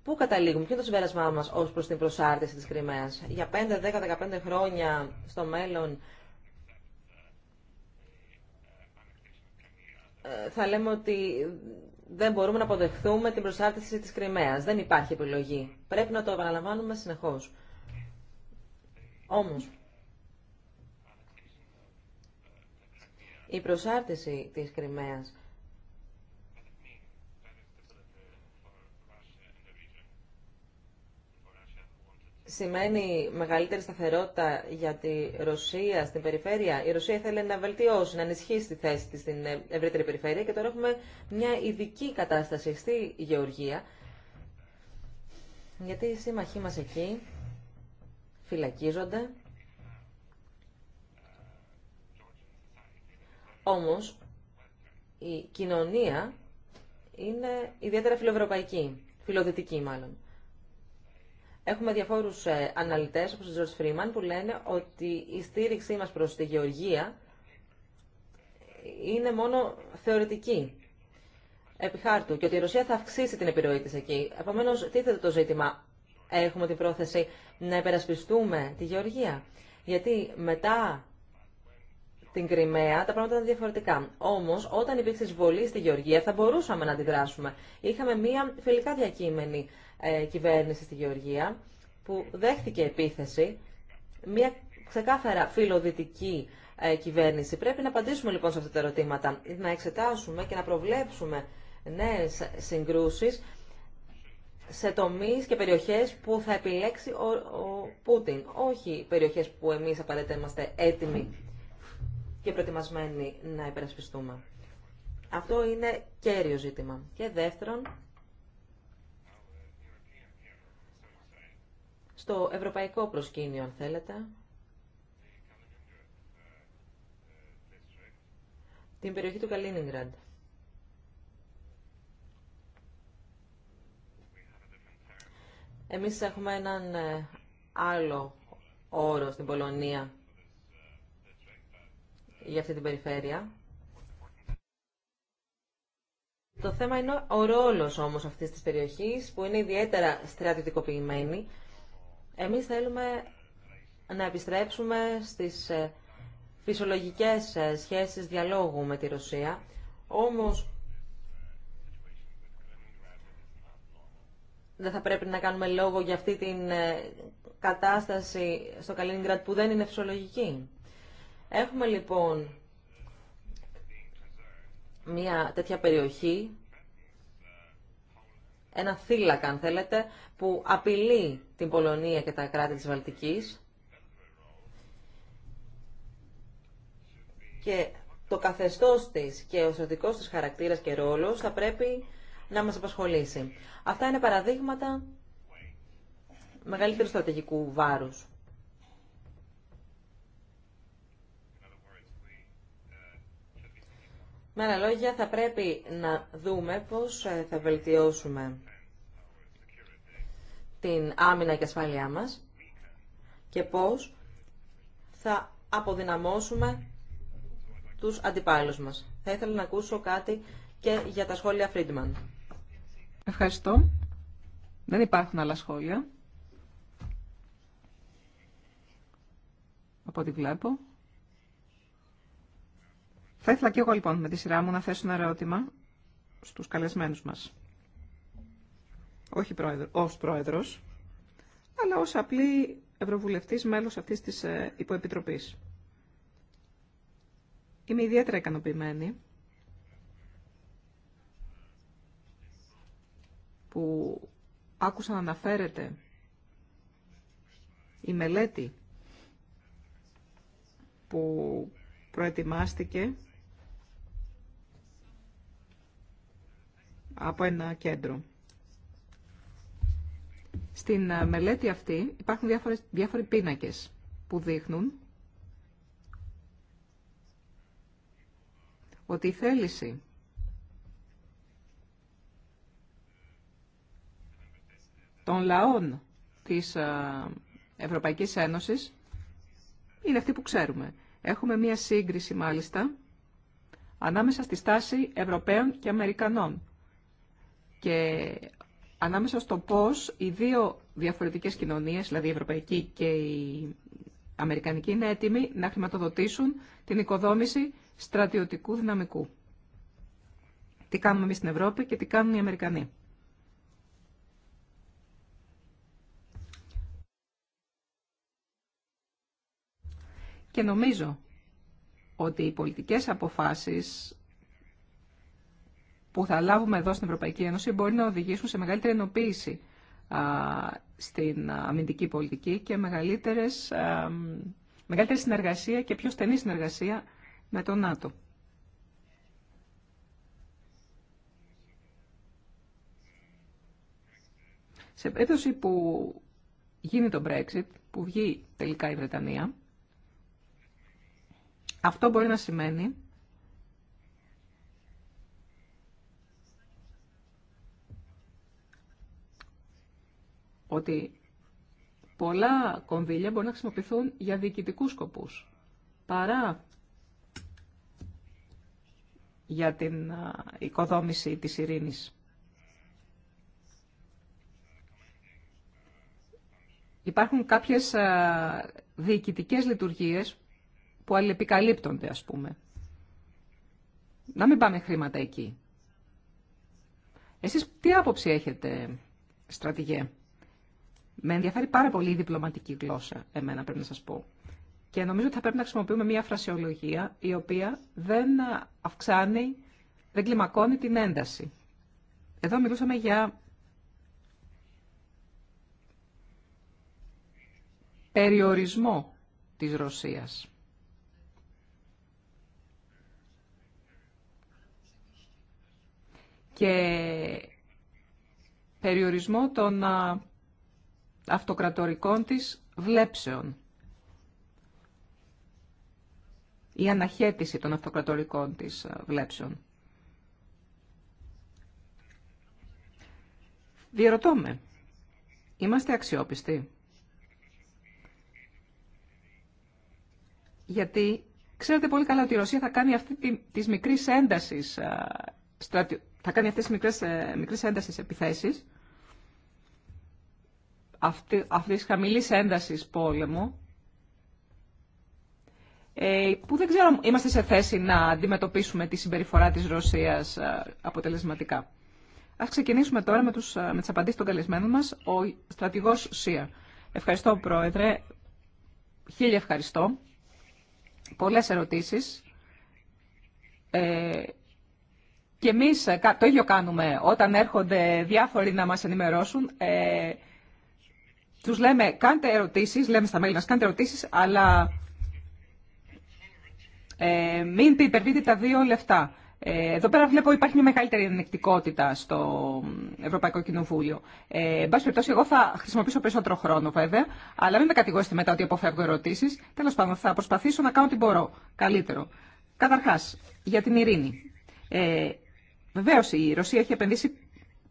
A: Πού καταλήγουμε, ποιο είναι το συμπέρασμά μας ως προς την προσάρτηση της Κρυμαίας. Για 5, 10, 15 χρόνια στο μέλλον Ε, θα λέμε ότι δεν μπορούμε να αποδεχθούμε την προσάρτηση της Κρυμαίας. Δεν υπάρχει επιλογή. Πρέπει να το επαναλαμβάνουμε συνεχώς. Όμως, η προσάρτηση της Κρυμαίας σημαίνει μεγαλύτερη σταθερότητα για τη Ρωσία στην περιφέρεια. Η Ρωσία ήθελε να βελτιώσει, να ενισχύσει τη θέση της στην ευρύτερη περιφέρεια και τώρα έχουμε μια ειδική κατάσταση στη Γεωργία. Γιατί οι σύμμαχοί μας εκεί φυλακίζονται. Όμως η κοινωνία είναι ιδιαίτερα φιλοευρωπαϊκή, φιλοδυτική μάλλον. Έχουμε διαφόρους ε, αναλυτές, όπως ο Τζορτ Φρήμαν, που λένε ότι η στήριξή μας προς τη γεωργία είναι μόνο θεωρητική επιχάρτου και ότι η Ρωσία θα αυξήσει την επιρροή της εκεί. Επομένω, τίθεται το ζήτημα. Έχουμε την πρόθεση να υπερασπιστούμε τη γεωργία. Γιατί μετά την Κρυμαία, τα πράγματα ήταν διαφορετικά. Όμω, όταν υπήρξε εισβολή στη Γεωργία, θα μπορούσαμε να αντιδράσουμε. Είχαμε μία φιλικά διακείμενη ε, κυβέρνηση στη Γεωργία που δέχτηκε επίθεση, μία ξεκάθαρα φιλοδυτική ε, κυβέρνηση. Πρέπει να απαντήσουμε λοιπόν σε αυτά τα ερωτήματα, να εξετάσουμε και να προβλέψουμε νέε συγκρούσει σε τομεί και περιοχέ που θα επιλέξει ο, ο Πούτιν. Όχι περιοχέ που εμεί απαραίτητα είμαστε έτοιμοι και προετοιμασμένοι να υπερασπιστούμε. Αυτό είναι κέριο ζήτημα. Και δεύτερον, στο ευρωπαϊκό προσκήνιο, αν θέλετε, την περιοχή του Καλίνιγκραντ. Εμείς έχουμε έναν ε, άλλο όρο στην Πολωνία για αυτή την περιφέρεια. Το θέμα είναι ο ρόλος όμως αυτής της περιοχής που είναι ιδιαίτερα στρατιωτικοποιημένη. Εμείς θέλουμε να επιστρέψουμε στις ε, φυσιολογικές ε, σχέσεις διαλόγου με τη Ρωσία. Όμως δεν θα πρέπει να κάνουμε λόγο για αυτή την ε, κατάσταση στο Καλίνιγκρατ που δεν είναι φυσιολογική. Έχουμε λοιπόν μια τέτοια περιοχή, ένα θύλακα αν θέλετε, που απειλεί την Πολωνία και τα κράτη της Βαλτικής και το καθεστώς της και ο στρατικός της χαρακτήρας και ρόλος θα πρέπει να μας απασχολήσει. Αυτά είναι παραδείγματα μεγαλύτερου στρατηγικού βάρους. Με άλλα λόγια, θα πρέπει να δούμε πώς ε, θα βελτιώσουμε την άμυνα και ασφάλειά μας και πώς θα αποδυναμώσουμε τους αντιπάλους μας. Θα ήθελα να ακούσω κάτι και για τα σχόλια Φρίντμαν.
B: Ευχαριστώ. Δεν υπάρχουν άλλα σχόλια. Από ό,τι βλέπω. Θα ήθελα και εγώ λοιπόν με τη σειρά μου να θέσω ένα ερώτημα στους καλεσμένους μας. Όχι πρόεδρο, ως πρόεδρος, αλλά ως απλή ευρωβουλευτής μέλος αυτής της ε, υποεπιτροπής. Είμαι ιδιαίτερα ικανοποιημένη που άκουσα να αναφέρεται η μελέτη που προετοιμάστηκε από ένα κέντρο. Στην ε, μελέτη αυτή υπάρχουν διάφορες, διάφοροι πίνακες που δείχνουν ότι η θέληση των λαών της ε, Ευρωπαϊκής Ένωσης είναι αυτή που ξέρουμε. Έχουμε μία σύγκριση μάλιστα ανάμεσα στη στάση Ευρωπαίων και Αμερικανών και ανάμεσα στο πώς οι δύο διαφορετικές κοινωνίες, δηλαδή η ευρωπαϊκή και η αμερικανική, είναι έτοιμοι να χρηματοδοτήσουν την οικοδόμηση στρατιωτικού δυναμικού. Τι κάνουμε εμείς στην Ευρώπη και τι κάνουν οι Αμερικανοί. Και νομίζω ότι οι πολιτικές αποφάσεις που θα λάβουμε εδώ στην Ευρωπαϊκή Ένωση μπορεί να οδηγήσουν σε μεγαλύτερη ενοποίηση στην αμυντική πολιτική και μεγαλύτερες, μεγαλύτερη συνεργασία και πιο στενή συνεργασία με τον ΝΑΤΟ. Σε περίπτωση που γίνει το Brexit, που βγει τελικά η Βρετανία, αυτό μπορεί να σημαίνει ότι πολλά κονδύλια μπορούν να χρησιμοποιηθούν για διοικητικού σκοπούς, παρά για την οικοδόμηση της ειρήνης. Υπάρχουν κάποιες διοικητικές λειτουργίες που αλληλεπικαλύπτονται, ας πούμε. Να μην πάμε χρήματα εκεί. Εσείς τι άποψη έχετε, στρατηγέ. Με ενδιαφέρει πάρα πολύ η διπλωματική γλώσσα, εμένα πρέπει να σας πω. Και νομίζω ότι θα πρέπει να χρησιμοποιούμε μια φρασιολογία η οποία δεν αυξάνει, δεν κλιμακώνει την ένταση. Εδώ μιλούσαμε για περιορισμό της Ρωσίας. Και περιορισμό των αυτοκρατορικών της βλέψεων. Η αναχέτηση των αυτοκρατορικών της ε, βλέψεων. Διερωτώ με, είμαστε αξιόπιστοι. Γιατί ξέρετε πολύ καλά ότι η Ρωσία θα κάνει αυτή τις μικρές έντασεις, ε, θα κάνει αυτές τις μικρές, ε, μικρές επιθέσεις αυτή, αυτής χαμηλής έντασης πόλεμου, ε, που δεν ξέρω είμαστε σε θέση να αντιμετωπίσουμε τη συμπεριφορά της Ρωσίας ε, αποτελεσματικά. Ας ξεκινήσουμε τώρα με, τους, ε, με τις απαντήσεις των καλεσμένων μας, ο στρατηγός ΣΥΑ. Ευχαριστώ, Πρόεδρε. Χίλια ευχαριστώ. Πολλές ερωτήσεις. Ε, και εμείς το ίδιο κάνουμε όταν έρχονται διάφοροι να μας ενημερώσουν τους λέμε κάντε ερωτήσεις, λέμε στα μέλη μας κάντε ερωτήσεις, αλλά ε, μην υπερβείτε τα δύο λεφτά. Ε, εδώ πέρα βλέπω υπάρχει μια μεγαλύτερη ανεκτικότητα στο Ευρωπαϊκό Κοινοβούλιο. Ε, εν πάση περιπτώσει, εγώ θα χρησιμοποιήσω περισσότερο χρόνο βέβαια, αλλά μην με κατηγορήσετε μετά ότι αποφεύγω ερωτήσει. Τέλο πάντων, θα προσπαθήσω να κάνω ό,τι μπορώ καλύτερο. Καταρχά, για την ειρήνη. Ε, Βεβαίω, η Ρωσία έχει επενδύσει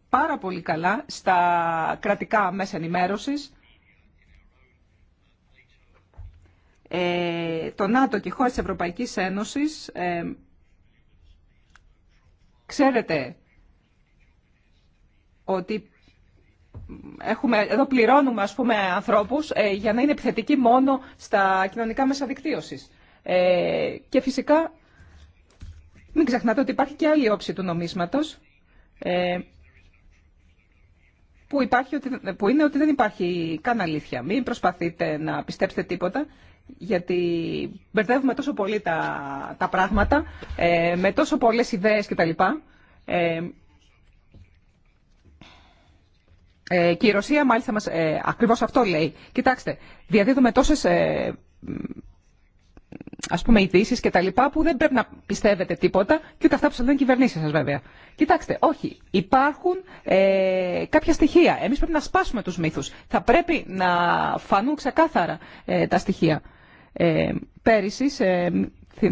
B: πάρα πολύ καλά στα κρατικά μέσα ενημέρωση Ε, το ΝΑΤΟ και οι χώρες της Ευρωπαϊκής Ένωσης, ε, ξέρετε ότι έχουμε, εδώ πληρώνουμε ας πούμε ανθρώπους ε, για να είναι επιθετικοί μόνο στα κοινωνικά μέσα δικτύωσης. και φυσικά μην ξεχνάτε ότι υπάρχει και άλλη όψη του νομίσματος που, υπάρχει, που είναι ότι δεν υπάρχει καν αλήθεια. Μην προσπαθείτε να πιστέψετε τίποτα γιατί μπερδεύουμε τόσο πολύ τα, τα πράγματα, ε, με τόσο πολλές ιδέες κτλ. Ε, ε, και η Ρωσία μάλιστα μας, ε, ακριβώς αυτό λέει. Κοιτάξτε, διαδίδουμε τόσες ε, ας πούμε ειδήσει και τα λοιπά που δεν πρέπει να πιστεύετε τίποτα και ούτε αυτά που σας λένε κυβερνήσει σας βέβαια. Κοιτάξτε, όχι, υπάρχουν ε, κάποια στοιχεία. Εμείς πρέπει να σπάσουμε τους μύθους. Θα πρέπει να φανούν ξεκάθαρα ε, τα στοιχεία. Ε, πέρυσι,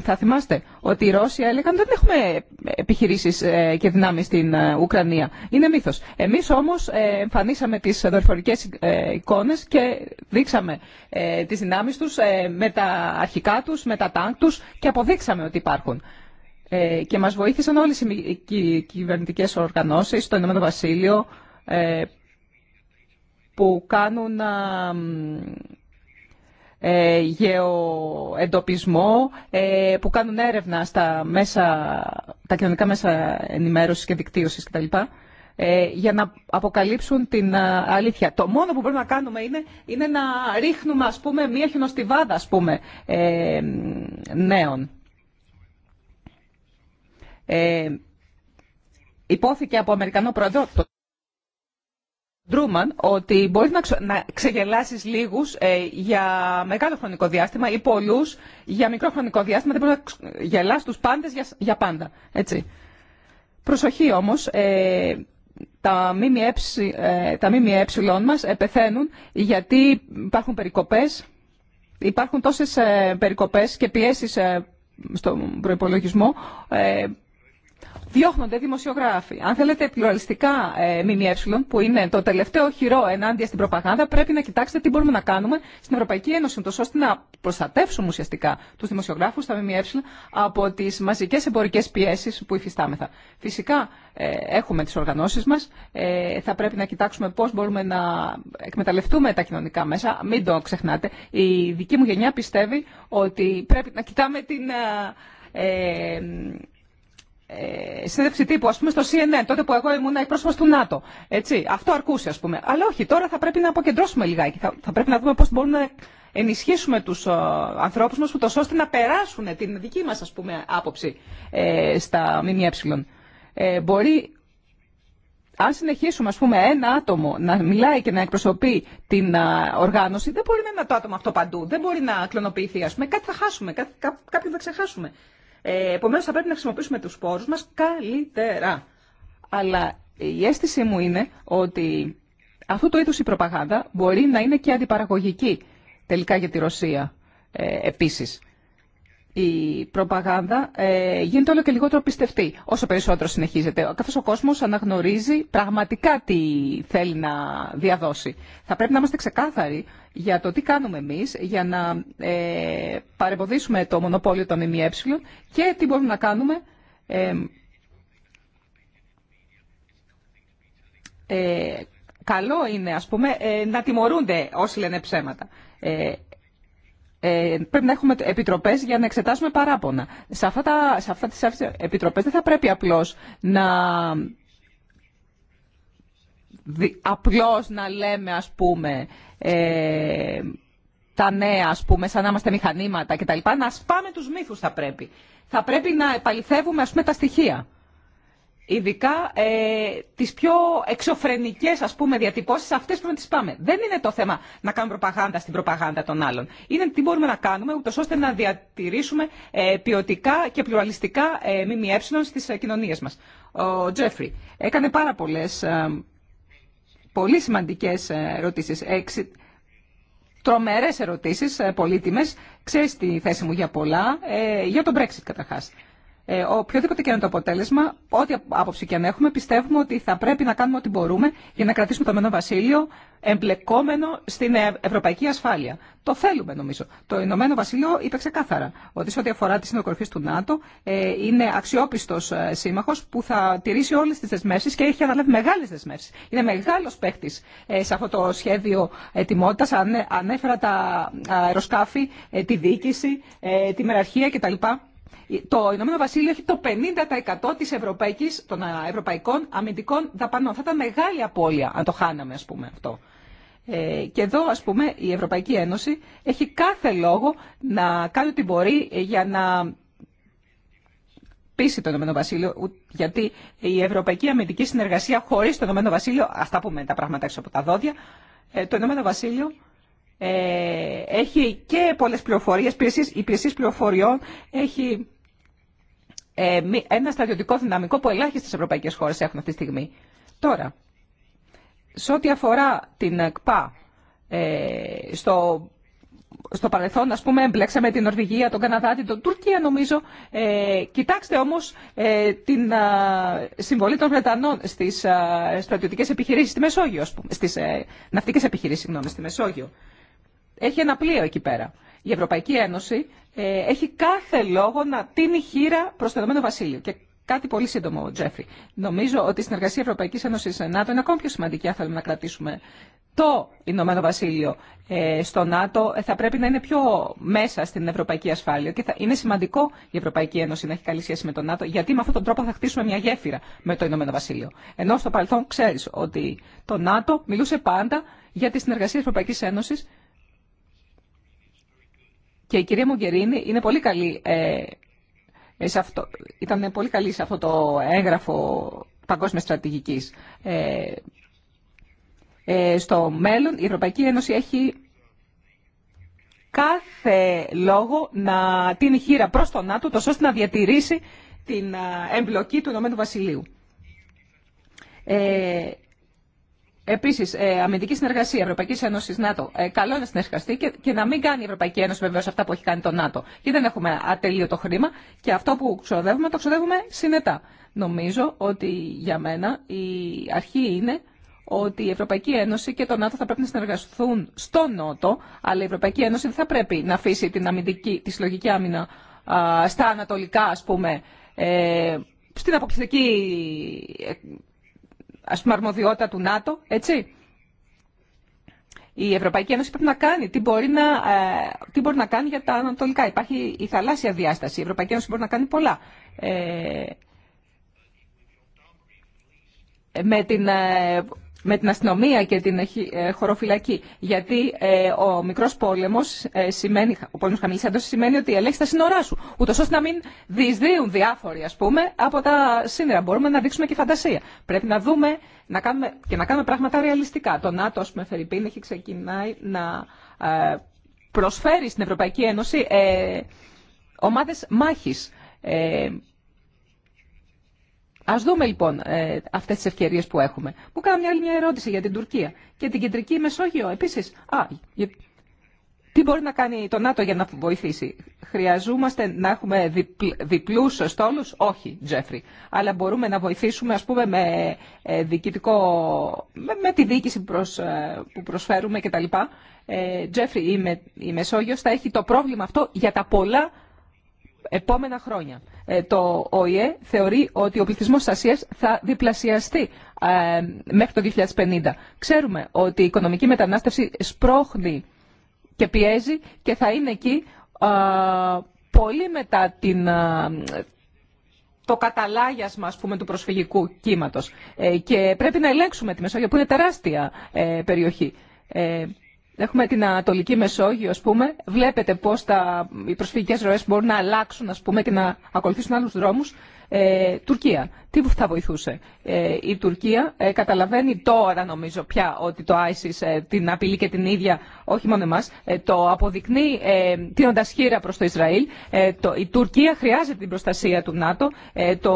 B: θα θυμάστε, ότι οι Ρώσοι έλεγαν δεν έχουμε επιχειρήσεις ε, και δυνάμεις στην ε, Ουκρανία. Είναι μύθος. Εμείς όμως ε, εμφανίσαμε τις δορυφορικές εικόνες και δείξαμε τις δυνάμεις τους με τα αρχικά τους, με τα τάγκ τους και αποδείξαμε ότι υπάρχουν. Και μας βοήθησαν όλες οι κυβερνητικές οργανώσεις, το Ηνωμένο Βασίλειο, που κάνουν ε, γεωεντοπισμό, ε, που κάνουν έρευνα στα μέσα, τα κοινωνικά μέσα ενημέρωσης και δικτύωσης κτλ. Ε, για να αποκαλύψουν την αλήθεια. Το μόνο που πρέπει να κάνουμε είναι, είναι να ρίχνουμε, ας πούμε, μία χιονοστιβάδα, ας πούμε, νέων. Ε, υπόθηκε από Αμερικανό πρόεδρο Ντρούμαν ότι μπορεί να ξεγελάσεις λίγους ε, για μεγάλο χρονικό διάστημα ή πολλούς για μικρό χρονικό διάστημα. Δεν μπορεί να γελά τους πάντες για πάντα. Έτσι. Προσοχή όμως, ε, τα ΜΜΕ, ε, τα μα μας πεθαίνουν γιατί υπάρχουν περικοπές, υπάρχουν τόσες περικοπές και πιέσεις στον προϋπολογισμό διώχνονται δημοσιογράφοι. Αν θέλετε πλουραλιστικά ε, ΜΜΕ, που είναι το τελευταίο χειρό ενάντια στην προπαγάνδα, πρέπει να κοιτάξετε τι μπορούμε να κάνουμε στην Ευρωπαϊκή Ένωση, ώστε να προστατεύσουμε ουσιαστικά του δημοσιογράφου, τα ΜΜΕ, από τι μαζικέ εμπορικέ πιέσει που υφιστάμεθα. Φυσικά ε, έχουμε τι οργανώσει μα, ε, θα πρέπει να κοιτάξουμε πώ μπορούμε να εκμεταλλευτούμε τα κοινωνικά μέσα, μην το ξεχνάτε. Η δική μου γενιά πιστεύει ότι πρέπει να κοιτάμε την ε, συνέντευξη τύπου, α πούμε, στο CNN, τότε που εγώ ήμουν εκπρόσωπο του ΝΑΤΟ. Έτσι, αυτό αρκούσε, α πούμε. Αλλά όχι, τώρα θα πρέπει να αποκεντρώσουμε λιγάκι. Θα, πρέπει να δούμε πώ μπορούμε να ενισχύσουμε του ε, ανθρώπου μα, ούτω ώστε να περάσουν την δική μα άποψη ε, στα ΜΜΕ. Ε, μπορεί, αν συνεχίσουμε, ας πούμε, ένα άτομο να μιλάει και να εκπροσωπεί την ε, οργάνωση, δεν μπορεί να είναι το άτομο αυτό παντού. Δεν μπορεί να κλωνοποιηθεί, ας πούμε. Κάτι θα χάσουμε, κά, κάποιον θα ξεχάσουμε. Ε, Επομένω, θα πρέπει να χρησιμοποιήσουμε του πόρου μα καλύτερα. Αλλά η αίσθησή μου είναι ότι αυτό το είδου η προπαγάνδα μπορεί να είναι και αντιπαραγωγική τελικά για τη Ρωσία ε, επίση η προπαγάνδα ε, γίνεται όλο και λιγότερο πιστευτή όσο περισσότερο συνεχίζεται, καθώς ο κόσμος αναγνωρίζει πραγματικά τι θέλει να διαδώσει. Θα πρέπει να είμαστε ξεκάθαροι για το τι κάνουμε εμείς για να ε, παρεμποδίσουμε το μονοπόλιο των ΜΜΕ και τι μπορούμε να κάνουμε ε, ε καλό είναι, ας πούμε, ε, να τιμωρούνται όσοι λένε ψέματα. Ε, ε, πρέπει να έχουμε επιτροπέ για να εξετάσουμε παράπονα. Σε, αυτά τα, σε αυτά τις επιτροπές δεν θα πρέπει απλώς να απλώς να λέμε ας πούμε ε, τα νέα ας πούμε σαν να είμαστε μηχανήματα κτλ. Να σπάμε τους μύθους θα πρέπει. Θα πρέπει να επαληθεύουμε ας πούμε τα στοιχεία ειδικά ε, τις πιο εξωφρενικές ας πούμε διατυπώσεις αυτές που να τις πάμε. Δεν είναι το θέμα να κάνουμε προπαγάνδα στην προπαγάνδα των άλλων. Είναι τι μπορούμε να κάνουμε ούτως ώστε να διατηρήσουμε ε, ποιοτικά και πλουραλιστικά ε, ΜΜΕ στις ε, κοινωνίες μας. Ο Τζέφρι έκανε πάρα πολλές ε, πολύ σημαντικές ερωτήσεις. Έξι, τρομερές ερωτήσεις, ε, πολύτιμες. Ξέρεις τη θέση μου για πολλά. για τον Brexit καταρχάς. Ε, οποιοδήποτε και είναι το αποτέλεσμα, ό,τι άποψη και αν έχουμε, πιστεύουμε ότι θα πρέπει να κάνουμε ό,τι μπορούμε για να κρατήσουμε το Ηνωμένο Βασίλειο εμπλεκόμενο στην ευρωπαϊκή ασφάλεια. Το θέλουμε, νομίζω. Το Ηνωμένο Βασίλειο είπε ξεκάθαρα ότι σε ό,τι αφορά τη συνοκορφή του ΝΑΤΟ ε, είναι αξιόπιστο ε, σύμμαχο που θα τηρήσει όλε τι δεσμεύσει και έχει αναλάβει μεγάλε δεσμεύσει. Είναι μεγάλο παίχτη ε, σε αυτό το σχέδιο ετοιμότητα. ανέφερα τα αεροσκάφη, ε, τη διοίκηση, τη μεραρχία κτλ. Το Ηνωμένο Βασίλειο έχει το 50% της ευρωπαϊκής, των ευρωπαϊκών αμυντικών δαπανών. Θα ήταν μεγάλη απώλεια αν το χάναμε, ας πούμε, αυτό. Ε, και εδώ, ας πούμε, η Ευρωπαϊκή Ένωση έχει κάθε λόγο να κάνει ό,τι μπορεί ε, για να πείσει το Ηνωμένο Βασίλειο, γιατί η Ευρωπαϊκή Αμυντική Συνεργασία χωρίς το Ηνωμένο Βασίλειο, ας τα πούμε τα πράγματα έξω από τα δόντια, ε, το Ηνωμένο Βασίλειο ε, έχει και πολλές πληροφορίες, υπηρεσίες πληροφοριών, έχει ε, ένα στρατιωτικό δυναμικό που ελάχιστες ευρωπαϊκές χώρες έχουν αυτή τη στιγμή. Τώρα, σε ό,τι αφορά την ΚΠΑ, ε, στο, στο παρελθόν, ας πούμε, εμπλέξαμε την Νορβηγία, τον Καναδά, την Τουρκία, νομίζω. Ε, κοιτάξτε όμως ε, την α, συμβολή των Βρετανών στις α, στρατιωτικές επιχειρήσεις στη Μεσόγειο, ας πούμε, στις ε, ναυτικές επιχειρήσεις, συγγνώμη, στη Μεσόγειο έχει ένα πλοίο εκεί πέρα. Η Ευρωπαϊκή Ένωση ε, έχει κάθε λόγο να τίνει χείρα προ το Ηνωμένο Βασίλειο. Και κάτι πολύ σύντομο, Τζέφρι. Νομίζω ότι η συνεργασία Ευρωπαϊκή Ένωση ΝΑΤΟ είναι ακόμη πιο σημαντική αν θέλουμε να κρατήσουμε το Ηνωμένο Βασίλειο ε, στο ΝΑΤΟ. Ε, θα πρέπει να είναι πιο μέσα στην ευρωπαϊκή ασφάλεια. Και είναι σημαντικό η Ευρωπαϊκή Ένωση να έχει καλή σχέση με το ΝΑΤΟ, γιατί με αυτόν τον τρόπο θα χτίσουμε μια γέφυρα με το Ηνωμένο Βασίλειο. Ενώ στο παρελθόν ξέρει ότι το ΝΑΤΟ μιλούσε πάντα για τη συνεργασία Ευρωπαϊκή Ένωση και η κυρία Μογκερίνη είναι πολύ καλή, ε, ε, σε αυτό, ήταν πολύ καλή σε αυτό το έγγραφο Παγκόσμια στρατηγικής. Ε, στο μέλλον η Ευρωπαϊκή Ένωση έχει κάθε λόγο να τίνει χείρα προς τον ΝΑΤΟ, τόσο ώστε να διατηρήσει την εμπλοκή του Ηνωμένου Βασιλείου. Επίση, ε, αμυντική συνεργασία Ευρωπαϊκή Ένωση ΝΑΤΟ. Ε, καλό είναι να συνεργαστεί και, και να μην κάνει η Ευρωπαϊκή Ένωση βεβαίω αυτά που έχει κάνει το ΝΑΤΟ. Και δεν έχουμε ατελείωτο χρήμα και αυτό που ξοδεύουμε το ξοδεύουμε συνετά. Νομίζω ότι για μένα η αρχή είναι ότι η Ευρωπαϊκή Ένωση και το ΝΑΤΟ θα πρέπει να συνεργαστούν στο Νότο, αλλά η Ευρωπαϊκή Ένωση δεν θα πρέπει να αφήσει την αμυντική, τη συλλογική άμυνα α, στα ανατολικά, ας πούμε, ε, στην αποκλειστική ε, ας πούμε, αρμοδιότητα του ΝΑΤΟ, έτσι. Η Ευρωπαϊκή Ένωση πρέπει να κάνει τι μπορεί να, ε, τι μπορεί να κάνει για τα ανατολικά. Υπάρχει η θαλάσσια διάσταση. Η Ευρωπαϊκή Ένωση μπορεί να κάνει πολλά. Ε, με την ε, με την αστυνομία και την ε, ε, χωροφυλακή. Γιατί ε, ο μικρό πόλεμο, σημαίνει, ο πόλεμο χαμηλή ένταση, σημαίνει ότι ελέγχει τα σύνορά σου. Ούτω ώστε να μην διεισδύουν διάφοροι, α πούμε, από τα σύνορα. Μπορούμε να δείξουμε και φαντασία. Πρέπει να δούμε να κάνουμε, και να κάνουμε πράγματα ρεαλιστικά. Το ΝΑΤΟ, α πούμε, Φερρυπίν, έχει ξεκινάει να προσφέρει στην Ευρωπαϊκή Ένωση ε, ομάδε μάχη. Ε, Ας δούμε λοιπόν ε, αυτές τις ευκαιρίες που έχουμε. Μου κάνω μια άλλη μια ερώτηση για την Τουρκία και την Κεντρική Μεσόγειο επίσης. Α, τι μπορεί να κάνει το ΝΑΤΟ για να βοηθήσει. Χρειαζόμαστε να έχουμε διπλούς στόλου, Όχι, Τζέφρι. Αλλά μπορούμε να βοηθήσουμε, ας πούμε, με, ε, με, με τη διοίκηση που ε, προσφέρουμε κτλ. Ε, Τζέφρι, η, με, η Μεσόγειος θα έχει το πρόβλημα αυτό για τα πολλά επόμενα χρόνια. Ε, το ΟΗΕ θεωρεί ότι ο πληθυσμός της Ασίας θα διπλασιαστεί ε, μέχρι το 2050. Ξέρουμε ότι η οικονομική μετανάστευση σπρώχνει και πιέζει και θα είναι εκεί ε, πολύ μετά την, το καταλάγιασμα ας πούμε, του προσφυγικού κύματος. Και πρέπει να ελέγξουμε τη Μεσόγειο που είναι τεράστια περιοχή. Έχουμε την Ανατολική Μεσόγειο, ας πούμε. Βλέπετε πώς τα, οι προσφυγικές ροές μπορούν να αλλάξουν, ας πούμε, και να ακολουθήσουν άλλους δρόμους. Ε, Τουρκία. Τι θα βοηθούσε. Ε, η Τουρκία ε, καταλαβαίνει τώρα νομίζω πια ότι το ISIS ε, την απειλεί και την ίδια, όχι μόνο εμάς, το αποδεικνύει τίνοντας χείρα προς το Ισραήλ. Το, η Τουρκία χρειάζεται την προστασία του ΝΑΤΟ. Το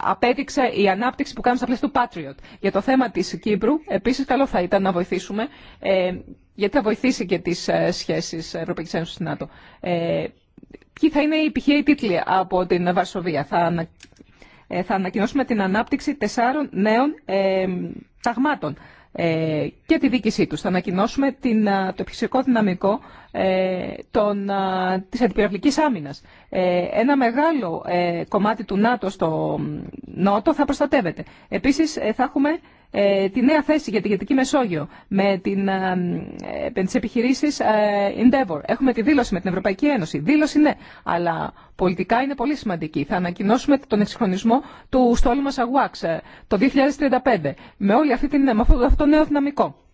B: απέδειξε η ανάπτυξη που κάνουμε στα πλαίσια του Patriot. Για το θέμα της Κύπρου, επίσης καλό θα ήταν να βοηθήσουμε γιατί θα βοηθήσει και τις σχέσεις Ευρωπαϊκής Ένωσης ΝΑΤΟ ποιοι θα είναι οι επιχείροι τίτλοι από την Βαρσοβία. Θα, ε, θα ανακοινώσουμε την ανάπτυξη τεσσάρων νέων ε, ταγμάτων ε, και τη δίκησή τους. Θα ανακοινώσουμε την, το φυσικό δυναμικό ε, των, της αντιπυραυλικής άμυνας. Ε, ένα μεγάλο ε, κομμάτι του ΝΑΤΟ στο Νότο θα προστατεύεται. Επίσης θα έχουμε τη νέα θέση για τη Γερτική Μεσόγειο με, την, με τις επιχειρήσεις Endeavor. Έχουμε τη δήλωση με την Ευρωπαϊκή Ένωση. Δήλωση ναι, αλλά πολιτικά είναι πολύ σημαντική. Θα ανακοινώσουμε τον εξυγχρονισμό του στόλου μας το 2035 με, όλη αυτή αυτό το νέο δυναμικό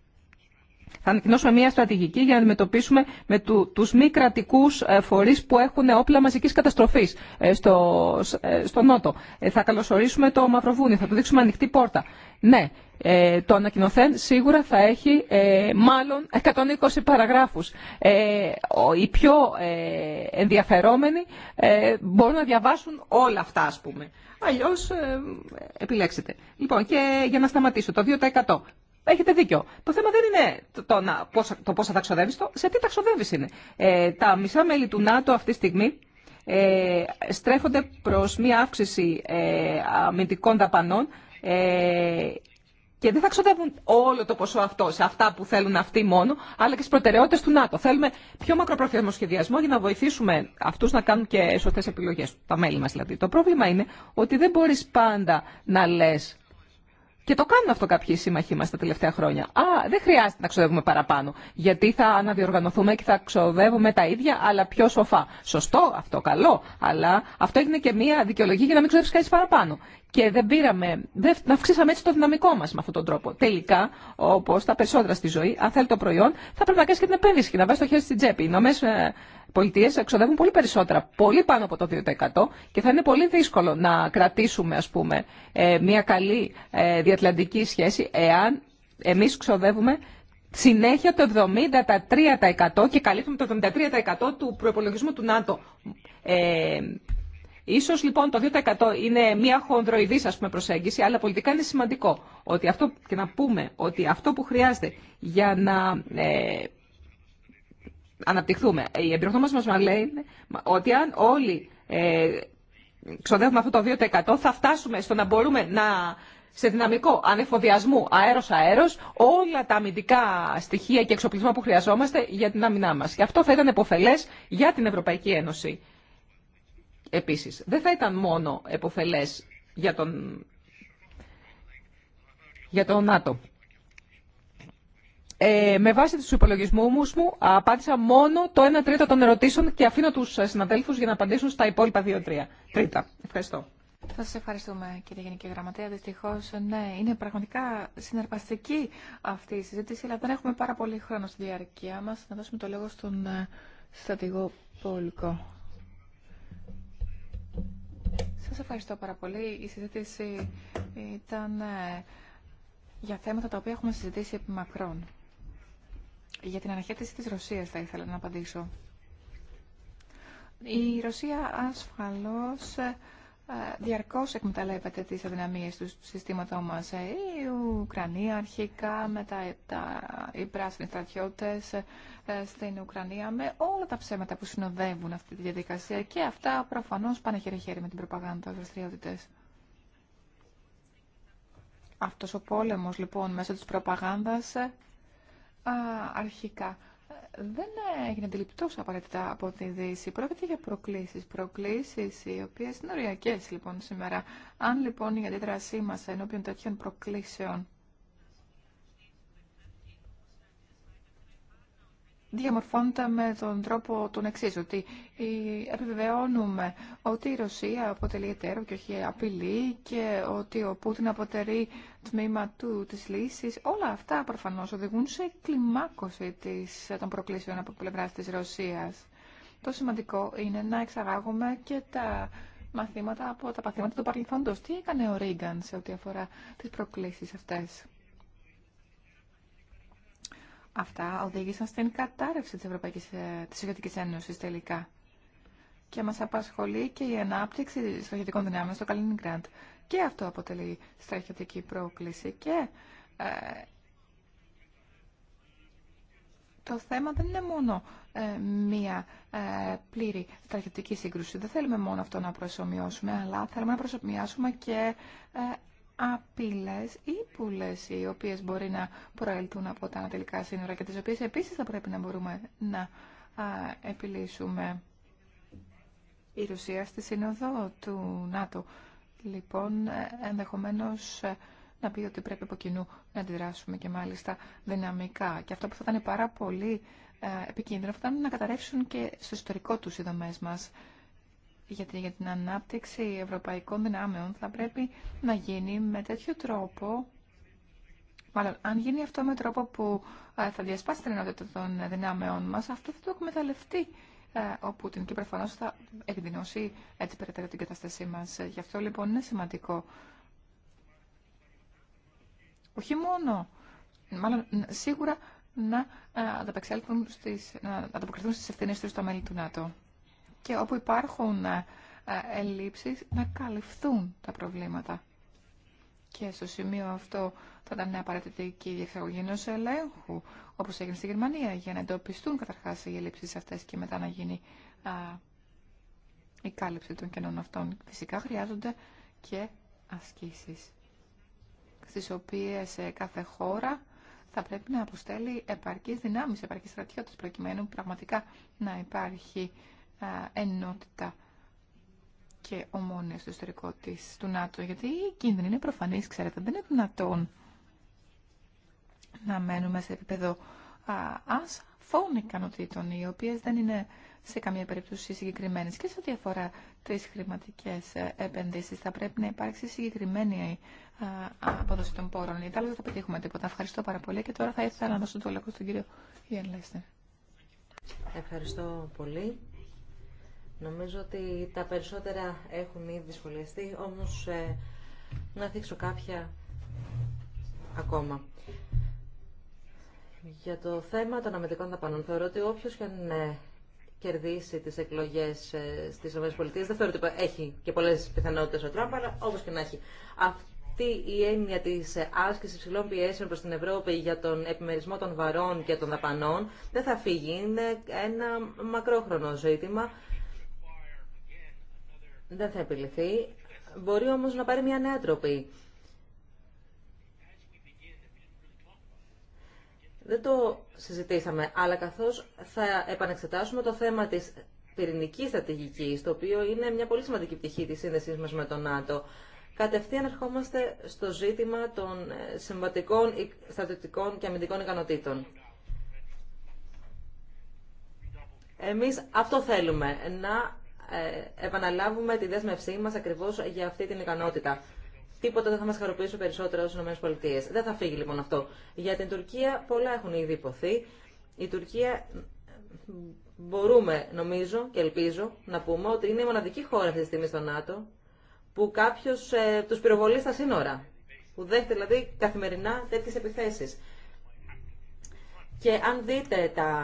B: θα ανακοινώσουμε μια στρατηγική για να αντιμετωπίσουμε με του, τους μη κρατικού ε, φορεί που έχουν όπλα μαζική καταστροφή ε, ε, στο, Νότο. Θα καλωσορίσουμε το Μαυροβούνιο, θα του δείξουμε ανοιχτή πόρτα. Ναι, το ανακοινωθέν σίγουρα θα έχει μάλλον 120 παραγράφους. οι πιο ενδιαφερόμενοι μπορούν να διαβάσουν όλα αυτά, ας πούμε. Αλλιώς επιλέξετε. Λοιπόν, και για να σταματήσω, το 2%. Έχετε δίκιο. Το θέμα δεν είναι το, να, το θα ξοδεύει, το, σε τι θα είναι. Ε, τα μισά μέλη του ΝΑΤΟ αυτή τη στιγμή ε, στρέφονται προς μία αύξηση ε, αμυντικών δαπανών ε, και δεν θα ξοδεύουν όλο το ποσό αυτό σε αυτά που θέλουν αυτοί μόνο, αλλά και στι προτεραιότητε του ΝΑΤΟ. Θέλουμε πιο μακροπρόθεσμο σχεδιασμό για να βοηθήσουμε αυτού να κάνουν και σωστέ επιλογέ, τα μέλη μα δηλαδή. Το πρόβλημα είναι ότι δεν μπορεί πάντα να λε και το κάνουν αυτό κάποιοι σύμμαχοί μα τα τελευταία χρόνια. Α, δεν χρειάζεται να ξοδεύουμε παραπάνω. Γιατί θα αναδιοργανωθούμε και θα ξοδεύουμε τα ίδια, αλλά πιο σοφά. Σωστό αυτό, καλό. Αλλά αυτό έγινε και μία δικαιολογία για να μην ξοδεύει κανεί παραπάνω. Και δεν πήραμε, δεν αυξήσαμε έτσι το δυναμικό μα με αυτόν τον τρόπο. Τελικά, όπω τα περισσότερα στη ζωή, αν θέλει το προϊόν, θα πρέπει να κάνει και την επένδυση και να βάζει το χέρι στην τσέπη. Να πολιτείε εξοδεύουν πολύ περισσότερα, πολύ πάνω από το 2% και θα είναι πολύ δύσκολο να κρατήσουμε, ας πούμε, ε, μια καλή ε, διατλαντική σχέση εάν εμείς ξοδεύουμε συνέχεια το 73% και καλύπτουμε το 73% του προπολογισμού του ΝΑΤΟ. Ε, ίσως λοιπόν το 2% είναι μια χονδροειδή, ας πούμε προσέγγιση, αλλά πολιτικά είναι σημαντικό ότι αυτό, και να πούμε ότι αυτό που χρειάζεται για να ε, αναπτυχθούμε. Η εμπειρογνώμη μας μας λέει ότι αν όλοι ε, ξοδεύουμε αυτό το 2% θα φτάσουμε στο να μπορούμε να σε δυναμικο ανεφοδιασμο ανεφοδιασμού αέρος-αέρος όλα τα αμυντικά στοιχεία και εξοπλισμό που χρειαζόμαστε για την άμυνά μα. Και αυτό θα ήταν επωφελέ για την Ευρωπαϊκή Ένωση. Επίσης, δεν θα ήταν μόνο επωφελέ για τον, για τον ΝΑΤΟ. Ε, με βάση του υπολογισμού μου, απάντησα μόνο το 1 τρίτο των ερωτήσεων και αφήνω του συναδέλφου για να απαντήσουν στα υπόλοιπα 2 2-3 τρίτα. Ευχαριστώ.
C: Θα Σα ευχαριστούμε κύριε Γενική Γραμματέα. Δυστυχώ, ναι, είναι πραγματικά συναρπαστική αυτή η συζήτηση, αλλά δεν έχουμε πάρα πολύ χρόνο στη διάρκεια μα. Να δώσουμε το λόγο στον ε, στρατηγό Πόλκο. Σα ευχαριστώ πάρα πολύ. Η συζήτηση ήταν ε, για θέματα τα οποία έχουμε συζητήσει επί μακρόν. Για την αναχέτηση της Ρωσίας θα ήθελα να απαντήσω. Η Ρωσία ασφαλώς ε, ε, διαρκώς εκμεταλλεύεται τις αδυναμίες του συστήματος μας. Ε, η Ουκρανία αρχικά μετά τα, οι πράσινοι στρατιώτες στην Ουκρανία με όλα τα ψέματα που συνοδεύουν αυτή τη διαδικασία και αυτά προφανώς πάνε χέρι-χέρι με την προπαγάνδα των δραστηριότητες. Αυτός ο πόλεμος λοιπόν μέσω της προπαγάνδας αρχικά δεν έγινε αντιληπτό απαραίτητα από τη Δύση. Πρόκειται για προκλήσει. Προκλήσει οι οποίε είναι οριακέ λοιπόν σήμερα. Αν λοιπόν η αντίδρασή μα ενώπιον τέτοιων προκλήσεων διαμορφώνεται με τον τρόπο τον εξή, ότι επιβεβαιώνουμε ότι η Ρωσία αποτελεί εταίρο και όχι απειλή και ότι ο Πούτιν αποτελεί τμήμα του της λύσης. Όλα αυτά προφανώς οδηγούν σε κλιμάκωση της, των προκλήσεων από πλευράς της Ρωσίας. Το σημαντικό είναι να εξαγάγουμε και τα μαθήματα από τα παθήματα του παρελθόντος. Τι έκανε ο Ρίγκαν σε ό,τι αφορά τις προκλήσεις αυτές. Αυτά οδήγησαν στην κατάρρευση της Ευρωπαϊκής ε, της Ένωσης τελικά. Και μας απασχολεί και η ανάπτυξη στρατιωτικών δυνάμεων στο Καλίνιγκραντ. Και αυτό αποτελεί στρατιωτική πρόκληση. Και ε, το θέμα δεν είναι μόνο ε, μία πλήρη στρατιωτική σύγκρουση. Δεν θέλουμε μόνο αυτό να προσωμιώσουμε, αλλά θέλουμε να προσωμιώσουμε και απειλές ή πουλές οι οποίες μπορεί να προελθούν από τα ανατελικά σύνορα και τις οποίες επίσης θα πρέπει να μπορούμε να επιλύσουμε. Η Ρωσία στη Σύνοδο του ΝΑΤΟ λοιπόν ε, ενδεχομένως ε, να πει ότι πρέπει από κοινού να αντιδράσουμε και μάλιστα δυναμικά. Και αυτό που θα ήταν πάρα πολύ ε, επικίνδυνο θα ήταν να καταρρεύσουν και στο ιστορικό τους οι δομές μας. Γιατί για την ανάπτυξη ευρωπαϊκών δυνάμεων θα πρέπει να γίνει με τέτοιο τρόπο, μάλλον αν γίνει αυτό με τρόπο που ε, θα διασπάσει την ενότητα των δυνάμεών μας, αυτό θα το εκμεταλλευτεί ε, ο Πούτιν και προφανώς θα εκδηλώσει έτσι περαιτέρω την κατάστασή μας. Γι' αυτό λοιπόν είναι σημαντικό. Όχι μόνο, μάλλον σίγουρα να ε, ανταπεξέλθουν στις, να ανταποκριθούν στις ευθύνες τους τα μέλη του ΝΑΤΟ και όπου υπάρχουν ε, ε, ελλείψεις να καλυφθούν τα προβλήματα. Και στο σημείο αυτό θα ήταν απαραίτητη και η διεξαγωγή ενό ελέγχου, όπω έγινε στη Γερμανία, για να εντοπιστούν καταρχά οι ελλείψει αυτέ και μετά να γίνει α, η κάλυψη των κενών αυτών. Φυσικά χρειάζονται και ασκήσει, στι οποίε ε, κάθε χώρα θα πρέπει να αποστέλει επαρκεί δυνάμει, επαρκεί στρατιώτε, προκειμένου πραγματικά να υπάρχει ενότητα και ομόνια στο ιστορικό της, του ΝΑΤΟ, γιατί οι κίνδυνοι είναι προφανείς, ξέρετε, δεν είναι δυνατόν να μένουμε σε επίπεδο ασφών ικανοτήτων, οι οποίες δεν είναι σε καμία περίπτωση συγκεκριμένε Και σε ό,τι αφορά τι χρηματικέ ε, επενδύσεις, θα πρέπει να υπάρξει συγκεκριμένη απόδοση των πόρων. Ή Ιταλία δεν θα πετύχουμε τίποτα. Ευχαριστώ πάρα πολύ και τώρα θα ήθελα να δώσω το λόγο στον κύριο Γιάννη Λέσνερ.
A: Ευχαριστώ πολύ. Νομίζω ότι τα περισσότερα έχουν ήδη σχολιαστεί, όμως ε, να δείξω κάποια ακόμα. Για το θέμα των αμυντικών δαπανών, θεωρώ ότι όποιο και αν ε, κερδίσει τι εκλογέ ε, στι ΗΠΑ, δεν θεωρώ ότι έχει και πολλέ πιθανότητε ο Τραμπ, αλλά όπω και να έχει. Αυτή η έννοια τη ε, άσκηση ψηλών πιέσεων προ την Ευρώπη για τον επιμερισμό των βαρών και των δαπανών δεν θα φύγει. Είναι ένα μακρόχρονο ζήτημα δεν θα επιληθεί. Μπορεί όμως να πάρει μια νέα τροπή. Δεν το συζητήσαμε, αλλά καθώς θα επανεξετάσουμε το θέμα της πυρηνικής στρατηγικής, το οποίο είναι μια πολύ σημαντική πτυχή της σύνδεσής μας με τον ΝΑΤΟ, κατευθείαν ερχόμαστε στο ζήτημα των ε, συμβατικών, ε, στρατιωτικών και αμυντικών ικανοτήτων. Εμείς αυτό θέλουμε, να ε, επαναλάβουμε τη δέσμευσή μας ακριβώς για αυτή την ικανότητα. Τίποτα δεν θα μας χαροποιήσει περισσότερο στις ΗΠΑ. Δεν θα φύγει λοιπόν αυτό. Για την Τουρκία πολλά έχουν ήδη υποθεί. Η Τουρκία μπορούμε νομίζω και ελπίζω να πούμε ότι είναι η μοναδική χώρα αυτή τη στιγμή στο ΝΑΤΟ που κάποιο ε, του πυροβολεί στα σύνορα. Που δέχεται δηλαδή καθημερινά τέτοιε επιθέσει. Και αν δείτε τα,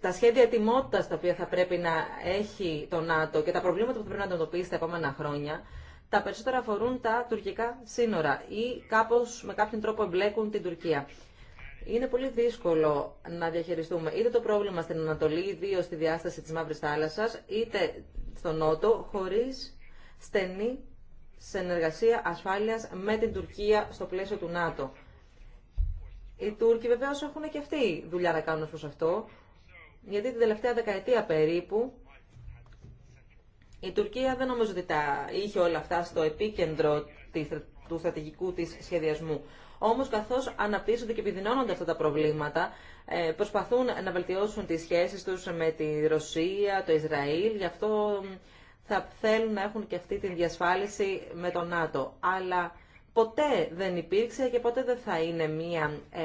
A: τα σχέδια ετοιμότητα τα οποία θα πρέπει να έχει το ΝΑΤΟ και τα προβλήματα που θα πρέπει να αντιμετωπίσει τα επόμενα χρόνια, τα περισσότερα αφορούν τα τουρκικά σύνορα ή κάπως με κάποιον τρόπο εμπλέκουν την Τουρκία. Είναι πολύ δύσκολο να διαχειριστούμε είτε το πρόβλημα στην Ανατολή, ιδίω στη διάσταση τη Μαύρη Θάλασσας, είτε στο Νότο, χωρί στενή συνεργασία ασφάλεια με την Τουρκία στο πλαίσιο του ΝΑΤΟ. Οι Τούρκοι βεβαίως έχουν και αυτοί δουλειά να κάνουν προς αυτό, γιατί την τελευταία δεκαετία περίπου η Τουρκία δεν νομίζω ότι τα είχε όλα αυτά στο επίκεντρο του στρατηγικού της σχεδιασμού. Όμως καθώς αναπτύσσονται και επιδεινώνονται αυτά τα προβλήματα, ε, προσπαθούν να βελτιώσουν τις σχέσεις τους με τη Ρωσία, το Ισραήλ, γι' αυτό θα θέλουν να έχουν και αυτή τη διασφάλιση με τον ΝΑΤΟ. Αλλά ποτέ δεν υπήρξε και ποτέ δεν θα είναι μια ε,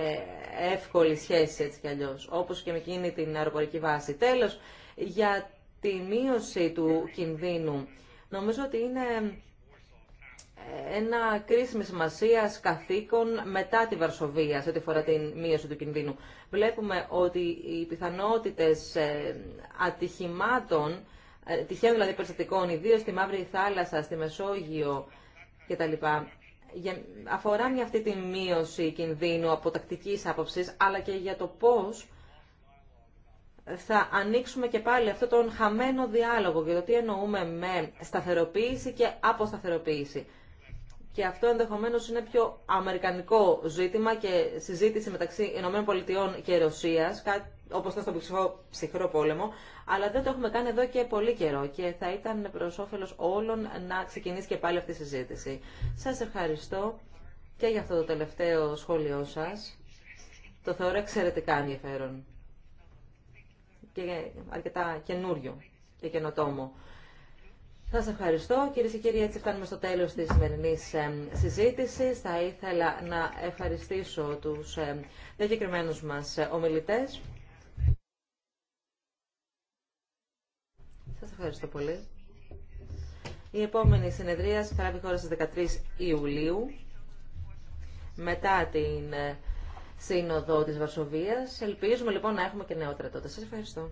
A: εύκολη σχέση έτσι κι αλλιώς, όπως και με εκείνη την αεροπορική βάση. Τέλος, για τη μείωση του κινδύνου, νομίζω ότι είναι ε, ένα κρίσιμη σημασία καθήκον μετά τη Βαρσοβία σε ό,τι φορά την μείωση του κινδύνου. Βλέπουμε ότι οι πιθανότητες ε, ατυχημάτων, τυχαίων δηλαδή περιστατικών, ιδίω στη Μαύρη Θάλασσα, στη Μεσόγειο κτλ αφορά μια αυτή τη μείωση κινδύνου από τακτικής άποψης, αλλά και για το πώς θα ανοίξουμε και πάλι αυτό τον χαμένο διάλογο για το τι εννοούμε με σταθεροποίηση και αποσταθεροποίηση. Και αυτό ενδεχομένως είναι πιο αμερικανικό ζήτημα και συζήτηση μεταξύ ΗΠΑ και Ρωσίας, όπως ήταν στον ψυχρό, πόλεμο, αλλά δεν το έχουμε κάνει εδώ και πολύ καιρό και θα ήταν προς όφελος όλων να ξεκινήσει και πάλι αυτή η συζήτηση. Σας ευχαριστώ και για αυτό το τελευταίο σχόλιο σας. Το θεωρώ εξαιρετικά ενδιαφέρον και αρκετά καινούριο και καινοτόμο. Σας ευχαριστώ. Κυρίε και κύριοι, έτσι φτάνουμε στο τέλος της σημερινή ε, συζήτησης. Θα ήθελα να ευχαριστήσω τους ε, διακεκριμένους μας ε, ομιλητές. Σας ευχαριστώ πολύ. Η επόμενη συνεδρία θα λάβει χώρα στις 13 Ιουλίου, μετά την ε, Σύνοδο της Βαρσοβίας. Ελπίζουμε λοιπόν να έχουμε και νεότερα τότε. Σας ευχαριστώ.